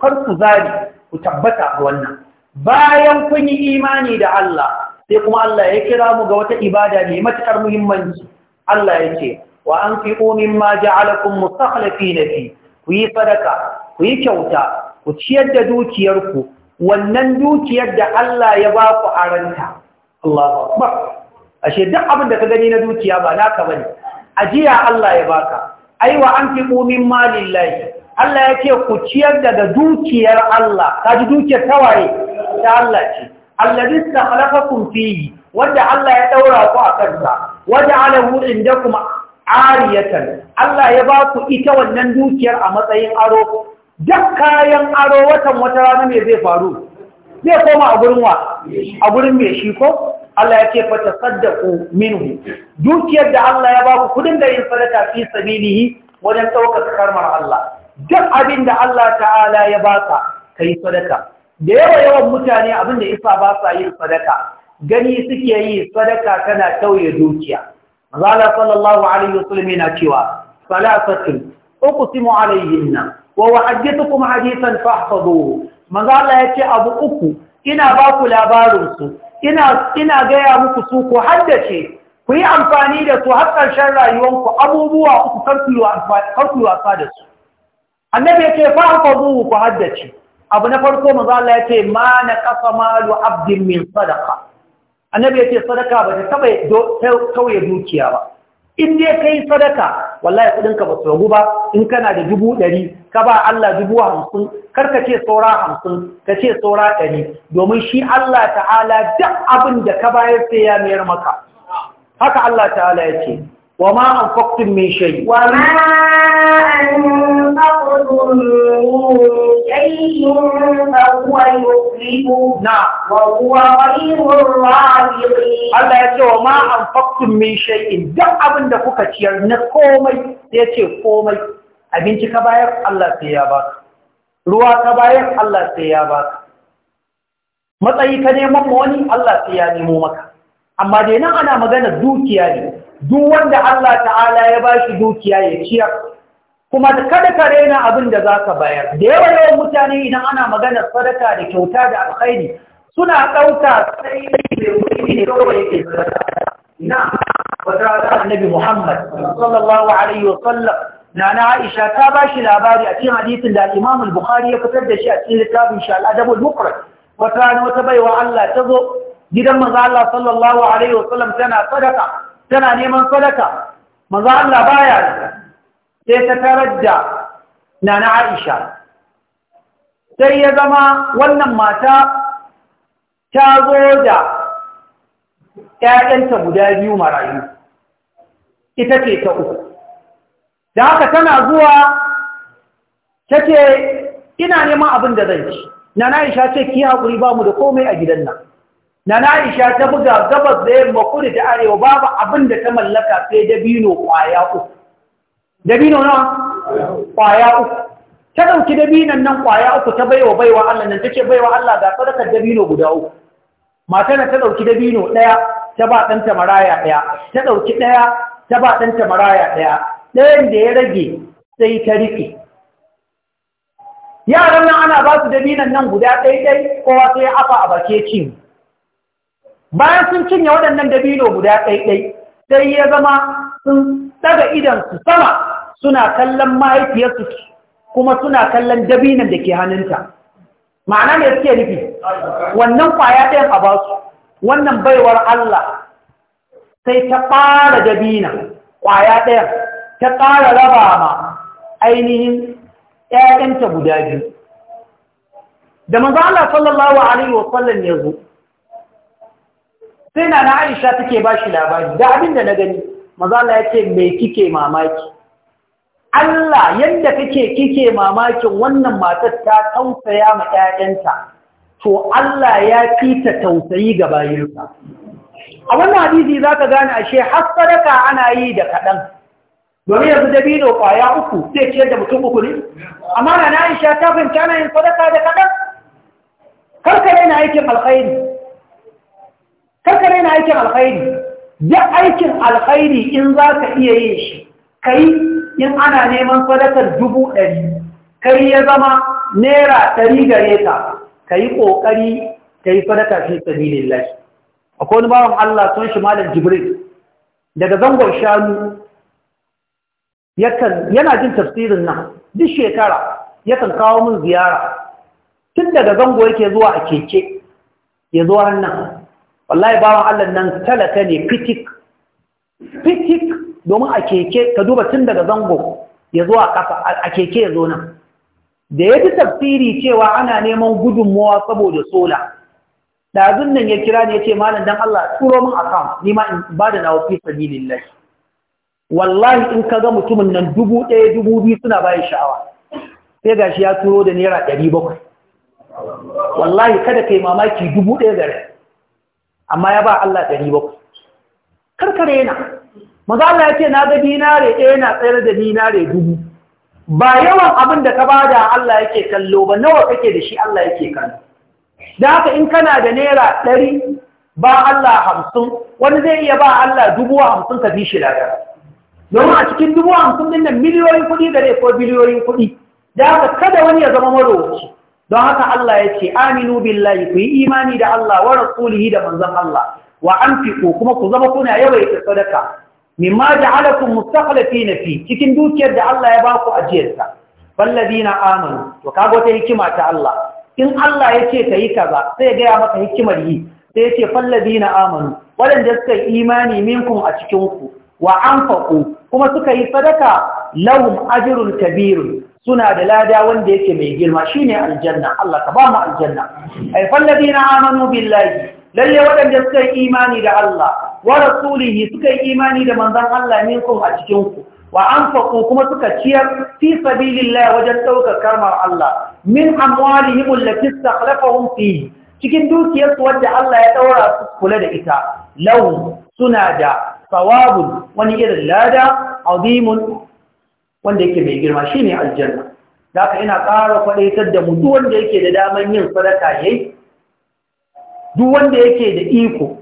Speaker 1: كرتوا ذلك كتبت ونا بايا كن إيماني دع الله sai kuma Allah ya kira mu ga wata ibada mai matukar muhimmanci Allah ya ce wa anfiqu mimma ja'alakum na fi ku yi sadaka ku yi kyauta ku ciyar da dukiyarku wannan dukiyar da Allah ya ba ku aranta Allahu akbar shi duk abin da ka gani na dukiya ba naka bane ajiya Allah ya baka fi anfiqu ma lillahi Allah ya ce ku ciyar daga dukiyar Allah kaji dukiyar tawaye ta Allah ce alladhi khalaqakum fihi wanda Allah ya ɗaura ku a kansa wanda alahu indakum ariyatan Allah ya ba ku ita wannan dukiyar a matsayin aro duk kayan aro watan wata rana me zai faru zai koma a gurin wa a gurin me shi ko Allah ya ce fa tasaddaqu minhu dukiyar da Allah ya ba ku kudin da yin sadaka fi sabilihi wajen ɗaukar karmar Allah duk abin da Allah ta'ala ya baka yi sadaka da yawa yawan mutane abinda isa ba sa yin sadaka gani suke yi sadaka tana tauye dukiya mazala sallallahu alaihi wasallam yana cewa salasatu uqsimu alaihinna wa wa'adtukum hadithan fahfazuhu mazala yace abu uku ina ba ku labarin su ina ina gaya muku su ko haddace ku yi amfani da su har ƙarshen rayuwanku abubuwa uku karku yi wasa da su annabi yace fahfazuhu ku haddace abu na farko manzo ya ce ma na kafa malu abdin min sadaka annabi ya ce sadaka ba ta taba tauye dukiya ba in dai yi sadaka wallahi kudin ka ba su ba in kana da dubu ɗari ka ba Allah dubu hamsin kar ka ce saura hamsin ka ce saura ɗari domin shi Allah ta'ala duk abin da ka bayar sai ya mayar maka haka Allah ta'ala ya ce وما أنفقتم من شيء وما
Speaker 2: أنفقتم من شيء
Speaker 1: فهو يخلفه نعم وهو خير الرازقين الله يقول وما أنفقتم من شيء abin da kuka ciyar na komai sai ce komai abinci ka Allah sai ya baka ruwa ka Allah sai ya baka matsayi ka neman wani Allah sai ya nemo maka amma dai ana magana dukiya ne duk wanda Allah ta'ala ya ba shi dukiya ya ciyar kuma kada ka raina abin da za ka bayar da yawa yawan mutane idan ana maganar sadaka da kyauta da alkhairi suna ɗauka sai mai wuri ne kawai yake sadaka ina wata annabi Muhammad sallallahu alaihi wa sallam na na Aisha ta ba shi labari a cikin hadisin da Imam bukhari ya fitar da shi a cikin littafin shi al-Adab al-Mufrad wata wata baiwa Allah ta zo gidan manzo Allah sallallahu alaihi wa sallam tana sadaka tana neman sadaka maza Allah baya sai ta tarar da nana Aisha sai ya zama wannan mata ta zo da ‘ya'yanta guda biyu marayu, ita ce ta uku. Da haka tana zuwa ta ce, ina neman abin da zan ci, Nana Aisha ce ki haƙuri ba mu da komai a gidan nan, na Aisha ta buga gabas da yamma kudu da arewa babu abin da ta mallaka sai dabino kwaya uku. Dabino na? Kwaya uku. Ta ɗauki dabinan nan kwaya uku ta baiwa baiwa Allah nan ta ce baiwa Allah ga sadakar dabino guda uku. na ta ɗauki dabino ɗaya ta ba ɗanta maraya ɗaya, ta ɗauki ɗaya ta ba ɗanta maraya ɗaya, ɗayan da ya rage sai ta riƙe. Yaran nan ana ba su dabinan nan guda ɗaiɗai kowa sai ya afa a bake cin. bayan sun cinye waɗannan dabino guda ɗaiɗai sai ya zama sun daga idansu sama suna kallon mahaifiyarsu kuma suna kallon dabinan da ke hannunta ma'ana ne suke nufi wannan kwaya ɗayan a ba su wannan baiwar Allah sai ta ƙara dabina kwaya ɗayan ta ƙara raba ma ainihin ‘ya'yanta guda biyu da maza Allah sallallahu Alaihi wasallam ya zo sai na na aisha take ba shi labari da abin da na gani mazala ya ce mai kike mamaki Allah yadda kake kike mamakin wannan matar ta tausaya ma 'ya'yanta, to Allah ya fi ta tausayi ga bayinsa a wannan hadisi za ka gane ashe hasaraka ana yi da kaɗan domin yanzu dabino ƙwaya uku zai ce da mutum uku ne amma na aisha ta fahimta na sadaka da kaɗan karkare na aikin alkhairi kakka raina aikin alkhairi ya aikin alkhairi in za ka iya yin shi kai in ana neman sadakar dubu ɗari kai ya zama naira ɗari gare ka ka yi ƙoƙari ka yi sadaka fi sabilin lashi akwai wani bawan Allah sun shi malam jibril daga zangon shanu yana jin tafsirin nan duk shekara yakan kawo min ziyara tun daga zango yake zuwa a keke ya zuwa nan wallahi bawan Allah nan talaka ne fitik fitik domin a keke ka duba tun daga zango ya zo a kafa a keke ya zo nan da ya ji tafsiri cewa ana neman gudunmuwa saboda sola ɗazun nan ya kira ne ya ce malam dan Allah turo min akam ni ma in ba da nawa fi sabilillah wallahi in ka ga mutumin nan dubu ɗaya dubu biyu suna bayan sha'awa sai gashi ya turo da naira ɗari bakwai wallahi kada kai mamaki dubu ɗaya rai. amma ya ba Allah ɗari bakwai karkare na maza Allah ya ce na ga dinare ɗaya na tsayar da dinare dubu ba yawan abin da ka da Allah yake kallo ba nawa kake da shi Allah yake kallo da haka in kana da naira ɗari ba Allah hamsin wani zai iya ba Allah dubu hamsin ka fi shi lada domin a cikin dubu hamsin ɗin nan miliyoyin kuɗi da ko biliyoyin kuɗi da haka kada wani ya zama marowaci don haka Allah ya ce aminu billahi ku yi imani da Allah wa rasulihi da manzan Allah wa anfiqu kuma ku zama kuna yawaita sadaka mimma ja'alakum mustakhlifina fi cikin dukiyar da Allah ya baku ajiyarsa walladina amanu to kaga wata hikima ta Allah in Allah ya ce kai kaza sai ga maka hikimar yi sai ya ce falladina amanu waɗanda suka imani minkum a cikin ku wa anfaqu kuma suka yi sadaka lahum ajrun Kabiru suna da lada wanda yake mai girma shine aljanna Allah ka ba mu aljanna ay ladina amanu billahi lalle waɗanda suka yi imani da Allah wa rasulihi suka yi imani da manzon Allah minkum a cikin ku wa anfaqu kuma suka ciyar fi sabilillahi wajen daukar karmar Allah min amwalihim allati istakhlafahum fihi cikin dukiyarsu wanda Allah ya daura su kula da ita lau suna da sawabun wani irin lada azimun wanda yake mai girma shi ne aljanna da aka ina ƙara kwadaitar da mu duk wanda yake da damar yin sadaka yi? duk wanda yake da iko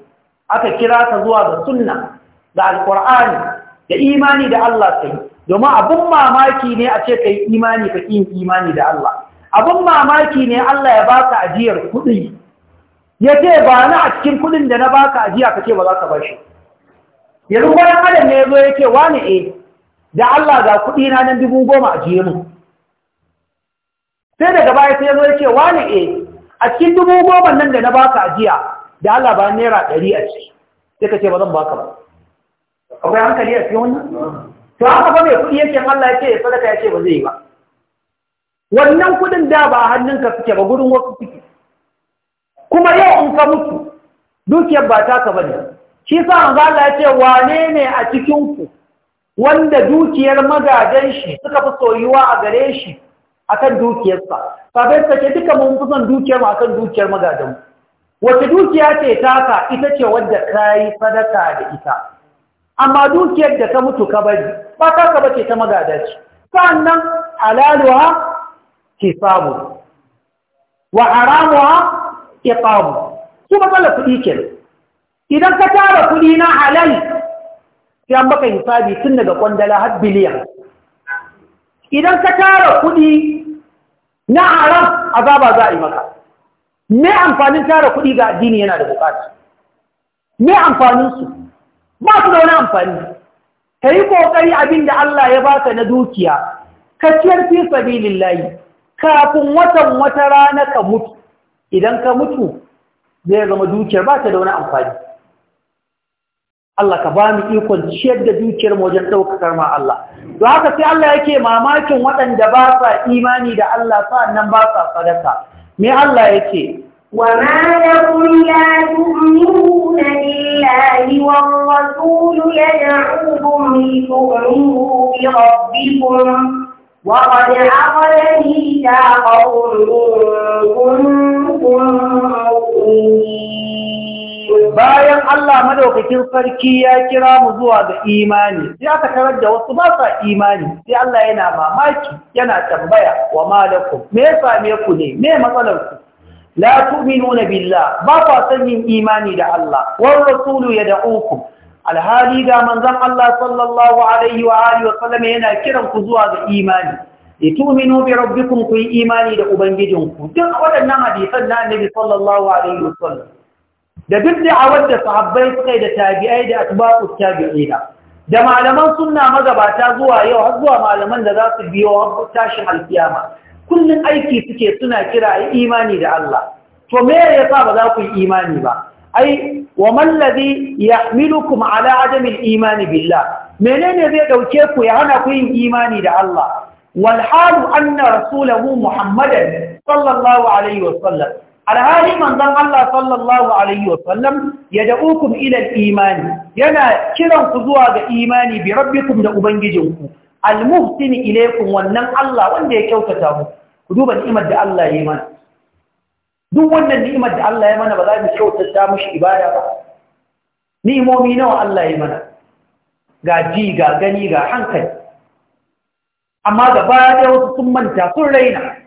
Speaker 1: aka kira ka zuwa ga sunna da Alƙur'ani da imani da Allah yi. domin abin mamaki ne a ce ka yi imani ka yin imani da Allah Abin mamaki ne Allah ya baka ajiyar kuɗi ya ce ba na a cikin kuɗin da na baka ajiya ka ce ba za ka bashi yanzu wani adam ne ya zo ya ce wani eh da Allah ga kuɗi na nan dubu goma a jiye mun sai daga baya sai zo yake ce wani e eh, a cikin dubu goma nan da na baka ajiya da Allah ba naira ɗari a ciki sai ka ce ba zan baka ba akwai hankali a cikin wannan to haka ba mai kuɗi yake Allah ya ce ya sadaka ya ce ba zai yi ba wannan kuɗin da ba a hannunka suke ba gurin wasu suke kuma yau in ka mutu dukiyar ba taka ne. shi sa manzo Allah ya ce wane ne a cikin ku wanda dukiyar magajen shi suka fi soyuwa a gare shi akan dukiyarsa sabai suka ce duka mun fi son dukiyar mu akan dukiyar magajen wace dukiya ce taka ita ce wadda ka yi sadaka da ita amma dukiyar da ta mutu ka bari ba ka bace ta magada ce sannan halaluwa samu wa haramuwa samu su matsalar kuɗi ke idan ka tara kuɗi na halal ya maka hisabi tun daga kwandala har biliyan idan ka tara kuɗi na haram azaba za a yi maka me amfanin tara kuɗi ga addini yana da bukata me su ba su da wani amfani ka yi ƙoƙari abin da Allah ya baka na dukiya ka ciyar fi sabilillahi kafin watan wata rana ka mutu idan ka mutu zai zama dukiyar ba ta da wani amfani Allah ka ba mu ikon ciyar da dukiyar mu wajen ɗaukakar ma Allah don haka sai Allah yake mamakin waɗanda ba sa imani da Allah sa'annan ba sa sadaka me Allah yake وما
Speaker 2: لكم لا تؤمنون بالله والرسول يدعوكم لتؤمنوا بربكم وقد أخذ ميثاقكم
Speaker 1: إن كنتم مؤمنين bayan Allah madaukakin sarki ya kira mu zuwa ga imani sai aka karar da wasu ba sa imani sai Allah yana mamaki yana tambaya wa malakum me ya same ku ne me matsalar ku la tu'minuna billah ba ku sanin imani da Allah war rasulu ku. alhali ga manzon Allah sallallahu alaihi wa alihi wa sallam yana kiran ku zuwa ga imani litu'minu bi rabbikum ku imani da ubangijinku duk waɗannan hadisan na annabi sallallahu alaihi wa da duk da da sahabbai suka yi da tabi'ai da atba'u tabi'ina da malaman sunna magabata zuwa yau har zuwa malaman da za su biyo har tashin alkiyama kullun aiki suke suna kira ai imani da Allah to me yasa ba za ku yi imani ba ai wa man ladhi yahmilukum ala adami al-iman billah menene zai dauke ku ya hana ku yin imani da Allah wal halu anna rasulahu muhammadan sallallahu alaihi wasallam alhali manzon Allah sallallahu alaihi wasallam yad'ukum ila al-imani yana kiran ku zuwa ga imani bi rabbikum da ubangijinku al-muhsin ilaykum wannan Allah wanda ya kyautata mu ku duba ni'imar da Allah ya yi mana duk wannan ni'imar da Allah ya mana ba za mu kyautata mushi ibada ba ni'imomi nawa Allah ya mana ga ji ga gani ga hankali amma gaba da wasu sun manta sun raina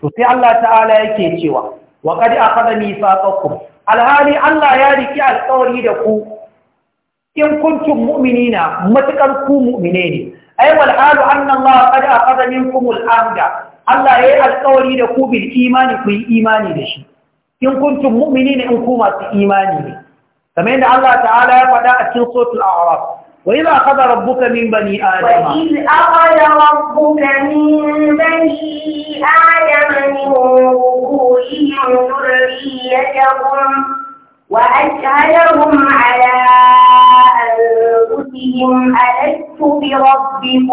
Speaker 1: to sai Allah ta'ala yake cewa wa qad akhadha mithaqakum alhali Allah ya riki alƙawari da ku in kuntum mu'minina matuƙar ku mu'mine ne ay wal halu annan Allah qad akhadha minkum al-ahda Allah ya yi alƙawari da ku bil imani ku yi imani da shi in mumini ne in ku masu imani ne kamar yadda Allah ta'ala ya faɗa a cikin suratul a'raf وإذا أخذ ربك من بني آدم وإذ
Speaker 2: أخذ ربك من بني آدم من ذريتهم وأشهدهم على أنفسهم ألست بربكم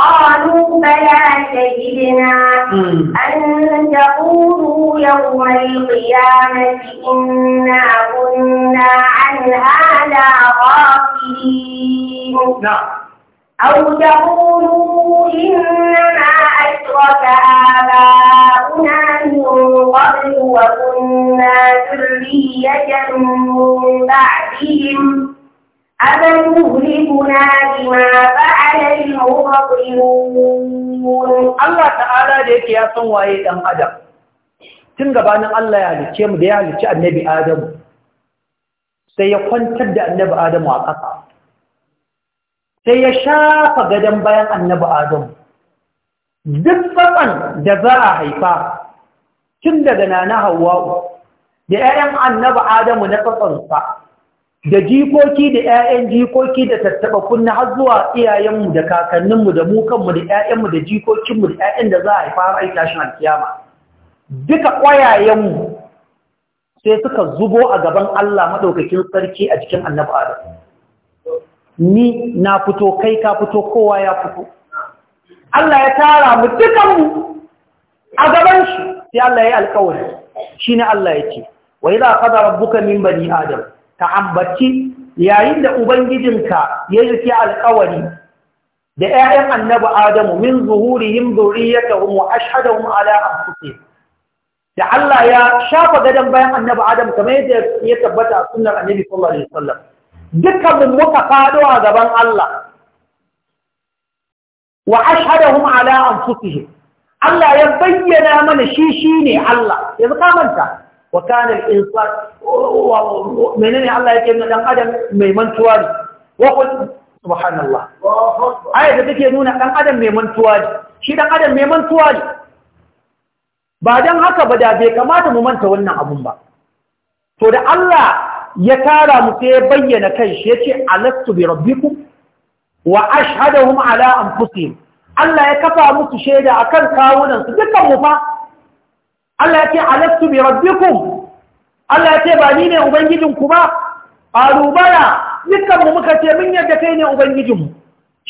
Speaker 2: قالوا بلى شهدنا أن تقولوا يوم القيامة إنا كنا عن هذا غافلين نعم. أو تقولوا إنما أشرك آباؤنا من قبل وكنا ذرية من بعدهم أفن مهلكنا بما فعل
Speaker 1: المبطلون الله تعالى ديك يا سن وايه دان ادم tun gabanin Allah ya halicce mu da ya halicce annabi Adamu sai ya kwantar da annabi Adamu a ƙasa sai ya shafa gadon bayan annabi Adamu duk tsatsan da za a haifa tun daga nana hawa'u da 'ya'yan annabi Adamu na tsatsansa da jikoki da 'ya'yan jikoki da tattaba kunna har zuwa iyayenmu da kakanninmu da mu kanmu da 'ya'yanmu da jikokinmu da 'ya'yan da za a haifa a aita alkiyama duka ƙwayayenmu sai suka zubo a gaban Allah maɗaukakin sarki a cikin annabi Adam ni na fito kai ka fito kowa ya fito Allah ya tara mu dukanmu a gaban shi sai Allah ya yi alƙawari shine Allah ya ce wa idza qada rabbuka min bani adam ka ambaci yayin da ubangijinka ya rike alkawari da ƴaƴan annabi adamu min zuhurihim dhurriyyatahum wa ashhadahum ala anfusihim da Allah ya shafa gadon bayan annabi Adam kamar yadda ya tabbata a sunnar annabi sallallahu alaihi wasallam dukkan mu muka fado a gaban Allah wa ashhadahum ala anfusihim Allah ya bayyana mana shi shine Allah yanzu ka manta wa kana al-insan menene Allah yake nuna dan adam mai mantuwa ne wa qul subhanallah ayat da take nuna dan adam mai mantuwa ne shi dan adam mai mantuwa ne ba dan haka ba da bai kamata mu manta wannan abun ba to da Allah ya tara mu sai ya bayyana kanshi yace alastu bi rabbikum wa ashhadahum ala anfusihim Allah ya kafa musu shaida akan kawunan su dukan mu fa Allah ya ce alastu bi rabbikum
Speaker 2: Allah ya ce ba ni ne
Speaker 1: ubangijin ku ba qalu bala dukkan mu muka ce mun yadda kai ne ubangijin mu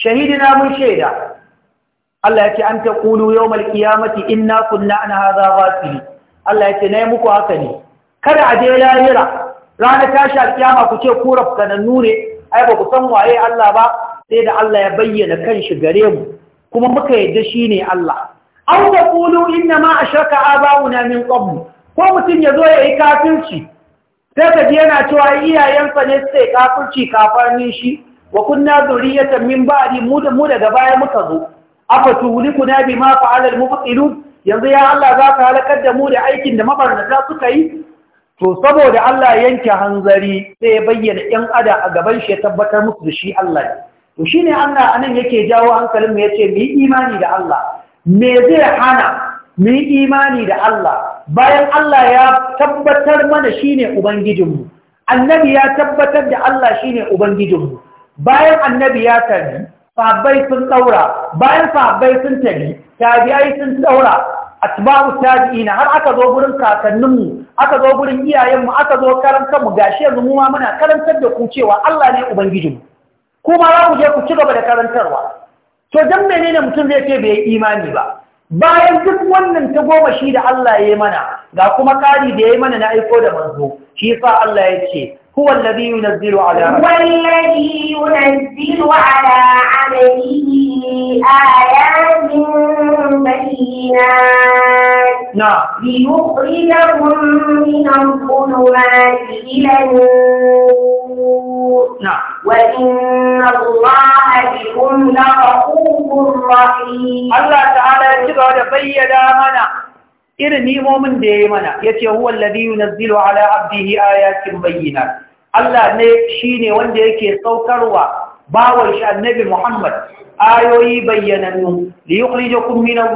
Speaker 1: shahidina mun shaida Allah ya ce an Malkiya yawmal qiyamati inna kunna an hadha ghafili Allah ya ce nayi muku haka ne kada a je lahira ranar tashi alkiyama ku ce ku rafkanannu ne ai ba ku san waye Allah ba sai da Allah ya bayyana kanshi gare mu kuma muka yadda shine Allah aw Kulu, inda ma a shaka ashraka abauna min ƙwabu ko mutum ya zo ya yi kafirci sai ka yana cewa iyayensa ne sai kafirci kafarni shi wa kunna zuriyatan min ba'di mu mu daga baya muka zo kuna bi ma fa'alar mu mubtilun yanzu ya Allah za ka halakar da mu da aikin da mabarnata suka yi to saboda Allah yanke hanzari sai ya bayyana ɗan ada a gaban shi ya tabbatar musu da shi Allah ne to shine Allah anan yake jawo hankalin mu yace mu yi imani da Allah me zai hana mu yi imani da Allah bayan Allah ya tabbatar mana shine ubangijinmu annabi ya tabbatar da Allah shine ubangijinmu bayan annabi ya tari, sahabbai sun daura bayan sahabbai sun tabi tabi'ai sun daura atba'u tabi'ina har aka zo gurin kakanninmu aka zo gurin iyayenmu aka zo karanta mu gashi yanzu mu muna karantar da ku cewa Allah ne ubangijinmu kuma za ku je ku ci gaba da karantarwa to dan menene mutum zai ce bai imani ba bayan duk wannan ta goma shi da Allah ya yi mana ga kuma kari da ya yi mana na aiko da manzo shi yasa Allah ya ce هو الذي ينزل على
Speaker 2: والذي ينزل على عبده آيات بينات نعم ليخرجهم من الظلمات إلى النور Allah
Speaker 1: ta'ala ya ci da bayyana mana irin nimomin da ya mana ya ce, Huwa ladiyu na ala abdihi a yakin bayyana. Allah ne shi ne wanda yake saukarwa bawon shi annabi Muhammad ayoyi bayyananu, da yi kuri jokun ilan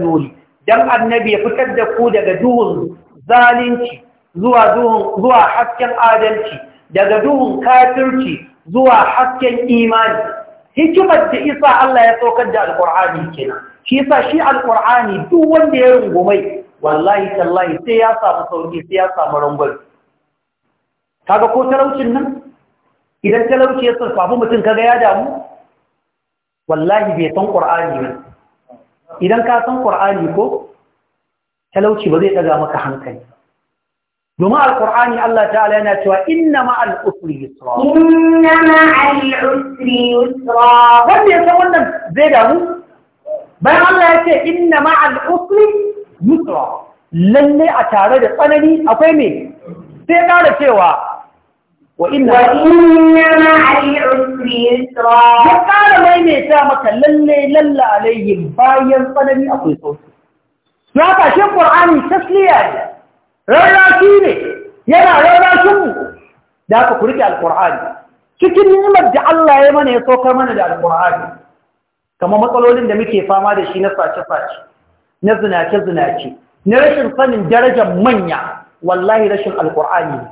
Speaker 1: nuri, don annabi ya fitar da ku daga duhun zalunci zuwa hasken adalci. daga duhun kafirci zuwa hasken imani hikimar da isa Allah ya saukar da alkur'ani kenan shi yasa shi alkur'ani duk wanda ya rungumai wallahi tallahi sai ya samu sauki sai ya samu rangwai kaga ko talaucin nan idan talauci ya sarfafi mutum kaga ya damu wallahi bai san qur'ani ba idan ka san qur'ani ko talauci ba zai daga maka hankali domin Alƙur'ani Allah ta'ala yana cewa inna ma al'usri yusra inna ma al'usri yusra wanda ya wannan zai damu bayan Allah ya ce inna ma al'usri yusra lalle a tare da tsanani akwai me sai ƙara cewa wa inna ma al'usri yusra ya ƙara maimaita maka lalle lalla alaihim bayan tsanani akwai sauki ya kashe Qur'ani tasliya ne rarrasu ne yana rarrashinmu da aka ku riƙe alƙur'ani cikin nimar da Allah ya mana ya saukar mana da alƙur'ani kamar matsalolin da muke fama da shi na sace-sace na zinace-zinace na rashin sanin darajar manya wallahi rashin alƙur'ani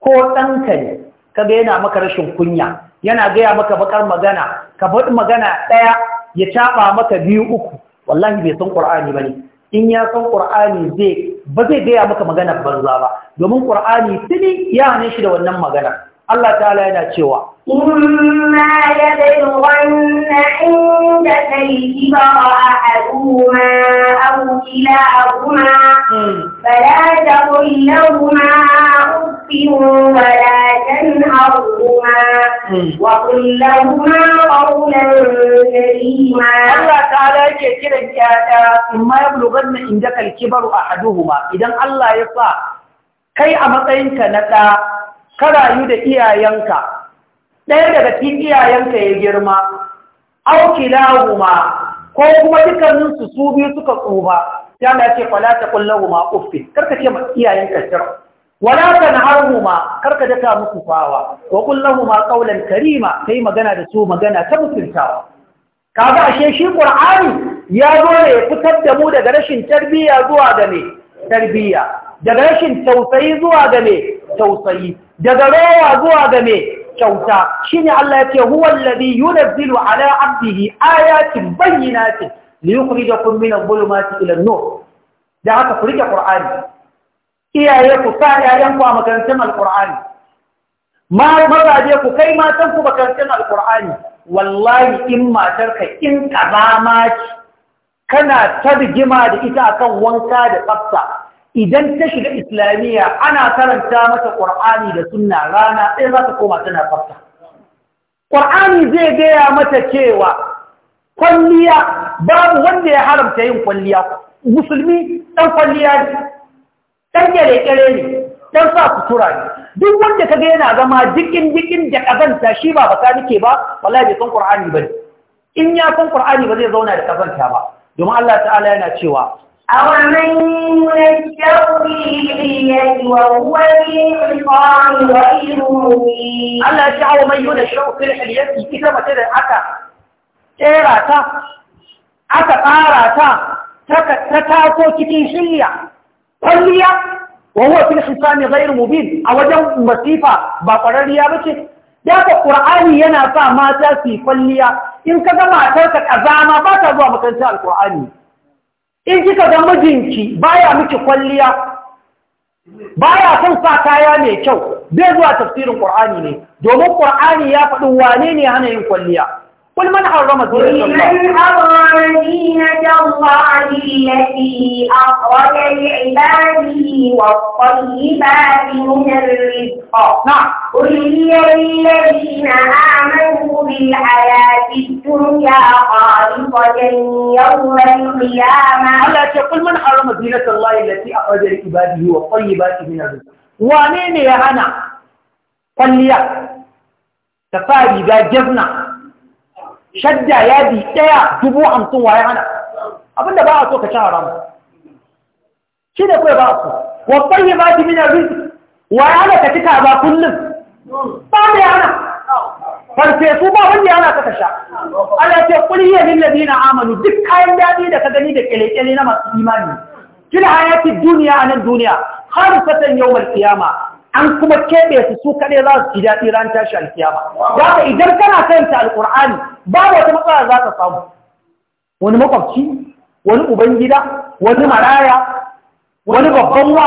Speaker 1: ko ɗanka ne ga yana maka rashin kunya yana gaya maka bakar magana ka faɗi magana ɗaya ya caɓa maka biyu uku wallahi bai san ƙur'ani ba ne in ya san ƙur'ani zai ba zai gaya maka magana banza ba domin qur'ani tuni ya hane shi da wannan magana Allah ta'ala yana cewa
Speaker 2: imma ya
Speaker 1: inda
Speaker 2: kayfi وخف ولا تنهرهما
Speaker 1: وقل لهما قولا كريما الله تعالى يكرا إما يبلغن عندك الكبر أحدهما إذا الله يطاع كي أمطينك نتا rayu da إيايانك ɗaya daga cikin iyayenka ya girma, auki lahuma ko kuma dukkaninsu su su biyu suka tsuba, ta mace kwalata ta kullahu ma karka ce ma iyayenka shirin. wala tanharhuma karka daka muku fawa wa qul lahumu qawlan karima kai magana da su magana ta mutuntawa kaga ashe shi qur'ani ya zo ne ya fitar da mu daga rashin tarbiyya zuwa ga me tarbiyya daga rashin tausayi zuwa ga me tausayi daga rawa zuwa ga me kyauta shine Allah ya ce huwa alladhi yunzilu ala abdihi ayatin bayyinatin liyukhrijakum min dhulumati ila an-nur da haka ku rike qur'ani iyaye ku sa yayan ku a makarantun alqur'ani ma mazaje ku kai matan ku makarantun alqur'ani wallahi in matar ka in kazama ce kana ta rigima da ita akan wanka da tsafta idan ta shiga islamiyya ana karanta mata ƙur'ani da sunna rana ɗaya za ta koma tana tsafta Ƙur'ani zai gaya mata cewa kwalliya babu wanda ya haramta yin kwalliya musulmi ɗan kwalliya ne ɗan kyale-kyale ne ɗan sa tura ne duk wanda kaga yana zama jikin-jikin da ƙazanta shi ba baka nake ba wallahi bai san ƙur'ani ba in ya san ƙur'ani ba zai zauna da ƙazanta ba domin Allah ta'ala yana cewa أَوَمَنْ
Speaker 2: يَشْتَرِي بِالْيَدِ وَهُوَ
Speaker 1: بِالْقَانِ غَيْرُ مُبِينٍ Allah ya ce hawa mai yuna shaukin hilyarki ita mace da aka tsera ta aka tsara ta ta taso cikin shirya kwalliya wa huwa fil hisami ghairu mubin a wajen masifa ba kwararriya bace da ka qur'ani yana sa mata su kwalliya in ka ga matarka kazama ba ta zuwa al alqur'ani in kika ga mijinki baya miki kwalliya baya son sa kaya mai kyau bai zuwa tafsirin qur'ani ne domin qur'ani ya faɗi wane ne hana yin kwalliya قل من حرم زينة الله من حرم زينة الله التي أخرج
Speaker 2: لعباده والطيبات من الرزق نعم قل هي للذين آمنوا بالحياة الدنيا
Speaker 1: خالصة يوم القيامة قل من حرم زينة الله التي أخرج لعباده والطيبات من الرزق ومين يا هنا قل لي تفاري ذا جبنا shadda yadi ɗaya dubu hamsin waye hana abinda ba a so ka ci haramu shi da kawai ba a so wa tsaye ba ki minar rizki waye hana ka ci kaza kullum ba mai hana su ba wanda yana ka sha Allah ce kulliya lil ladina amanu duk kayan daɗi da ka gani da kelekele na masu imani fil hayati dunya anan duniya Har yau mai qiyama an kuma keɓe su su kaɗai za su ji daɗi ran tashi alkiyama da idan kana karanta alƙur'ani babu wata matsala za ka samu wani makwabci wani ubangida wani maraya wani babban wa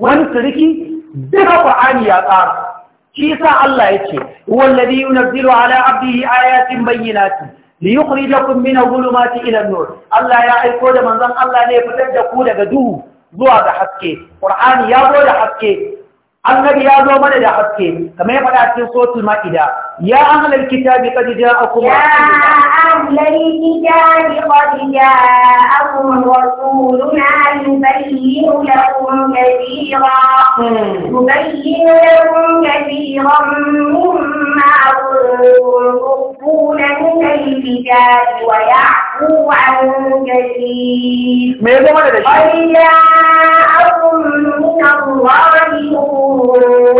Speaker 1: wani siriki duka Kur'ani ya tsara shi yasa Allah ya ce wallazi yunzilu ala abdihi ayatin bayyinatin liyukhrijakum min adh-dhulumati ila an-nur Allah ya aiko da manzon Allah ne fitar da ku daga duhu zuwa ga haske Qur'ani ya zo da haske annabi ya zo mana da haske kamar ya faɗa cikin sotul ma'ida ya ahlal kitabi qad ja'akum ya ahlal kitabi qad ja'akum rasuluna yubayyinu
Speaker 2: lakum kathiran yubayyinu lakum kathiran mimma kuntum min al-kitab wa ya'fu 'an kathir me ya zo mana da shi qad
Speaker 1: ja'akum min Allah Allah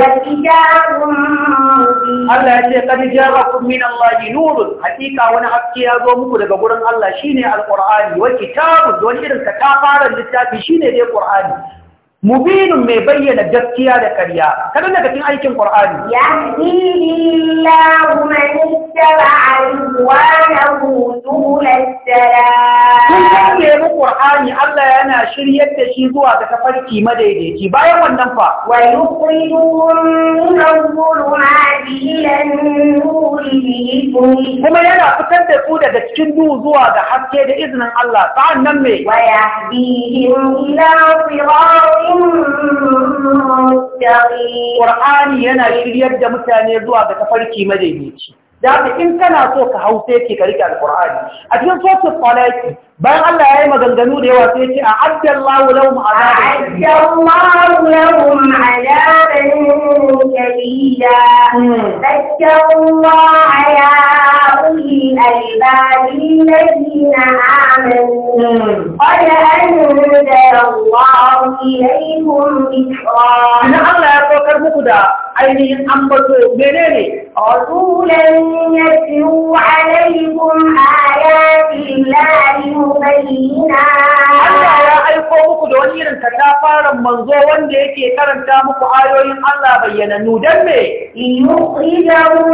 Speaker 1: ya ce kad ja'akum min Allah nurun hakika wani haske ya zo muku daga gurin Allah shine alqur'ani wa kitabun wani irin ka ta fara littafi shine dai qur'ani mubinun mai bayyana gaskiya da ƙarya kadan daga cikin aikin qur'ani ya illahu man ittaba'a ridwanahu
Speaker 2: tulal
Speaker 1: salam kun ga qur'ani Allah yana shiryar da shi zuwa ga tafarki madaidaici bayan wannan fa wa yuqidun min al-zulumati kuma yana fitar da su daga cikin duhu zuwa ga haske da izinin Allah sa'an nan me wa yahdihim ila siratin Qur'ani yana shiryar da mutane zuwa ga tafarki madaidaici. da in kana so ka hau sai ke ka rike alqur'ani a cikin suratul talaq bayan Allah ya yi maganganu da yawa sai ce a addallahu lahum
Speaker 2: azaban addallahu lahum azaban shadida fattaqullaha ya ulil albab alladhina amanu qad anzala Allahu ilaykum dhikra Allah ya saukar muku da ainihin ambato menene rasulan يتلو عليكم آيات
Speaker 1: الله مبينات Allah ya aiko muku da wani irin katafaren manzo wanda yake karanta muku ayoyin Allah bayyananu dan me
Speaker 2: yukhrijahum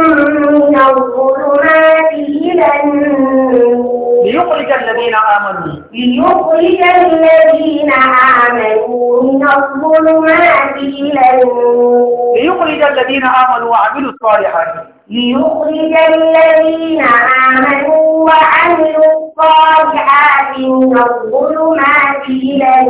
Speaker 2: min al-dhulumati ila an-nur liyukhrijal ladina amanu liyukhrijal ladina amanu min al-dhulumati ila an-nur liyukhrijal ladina amanu wa 'amilus
Speaker 1: salihati ليخرج
Speaker 2: الذين آمنوا وعملوا
Speaker 1: الصالحات من الظلمات إلى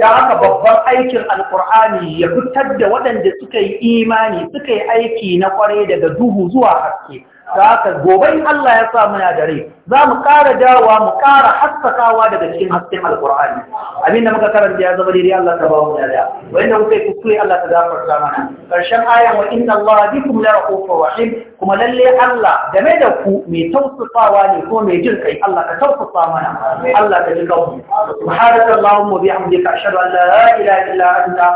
Speaker 1: da haka babban aikin alkur'ani ya fitar da waɗanda suka yi imani suka yi aiki na kwarai daga duhu zuwa haske da haka gobe in Allah ya sa muna dare, za mu ƙara dawowa mu ƙara haskakawa daga cikin hasken alƙur'ani abinda muka karanta ya zama daidai Allah ta ba mu da daya wanda muka yi kuskure Allah ta gafarta mana karshen ayan wa inna Allah bikum la rahufur rahim kuma lalle Allah game da ku mai tausasawa ne ko mai jin kai Allah ka tausasa mana Allah ka ji gauni subhanaka allahumma bihamdika ashhadu an la ilaha illa anta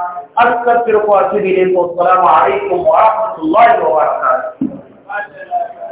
Speaker 1: astaghfiruka wa atubu ilayk wa assalamu alaikum wa rahmatullahi wa
Speaker 2: barakatuh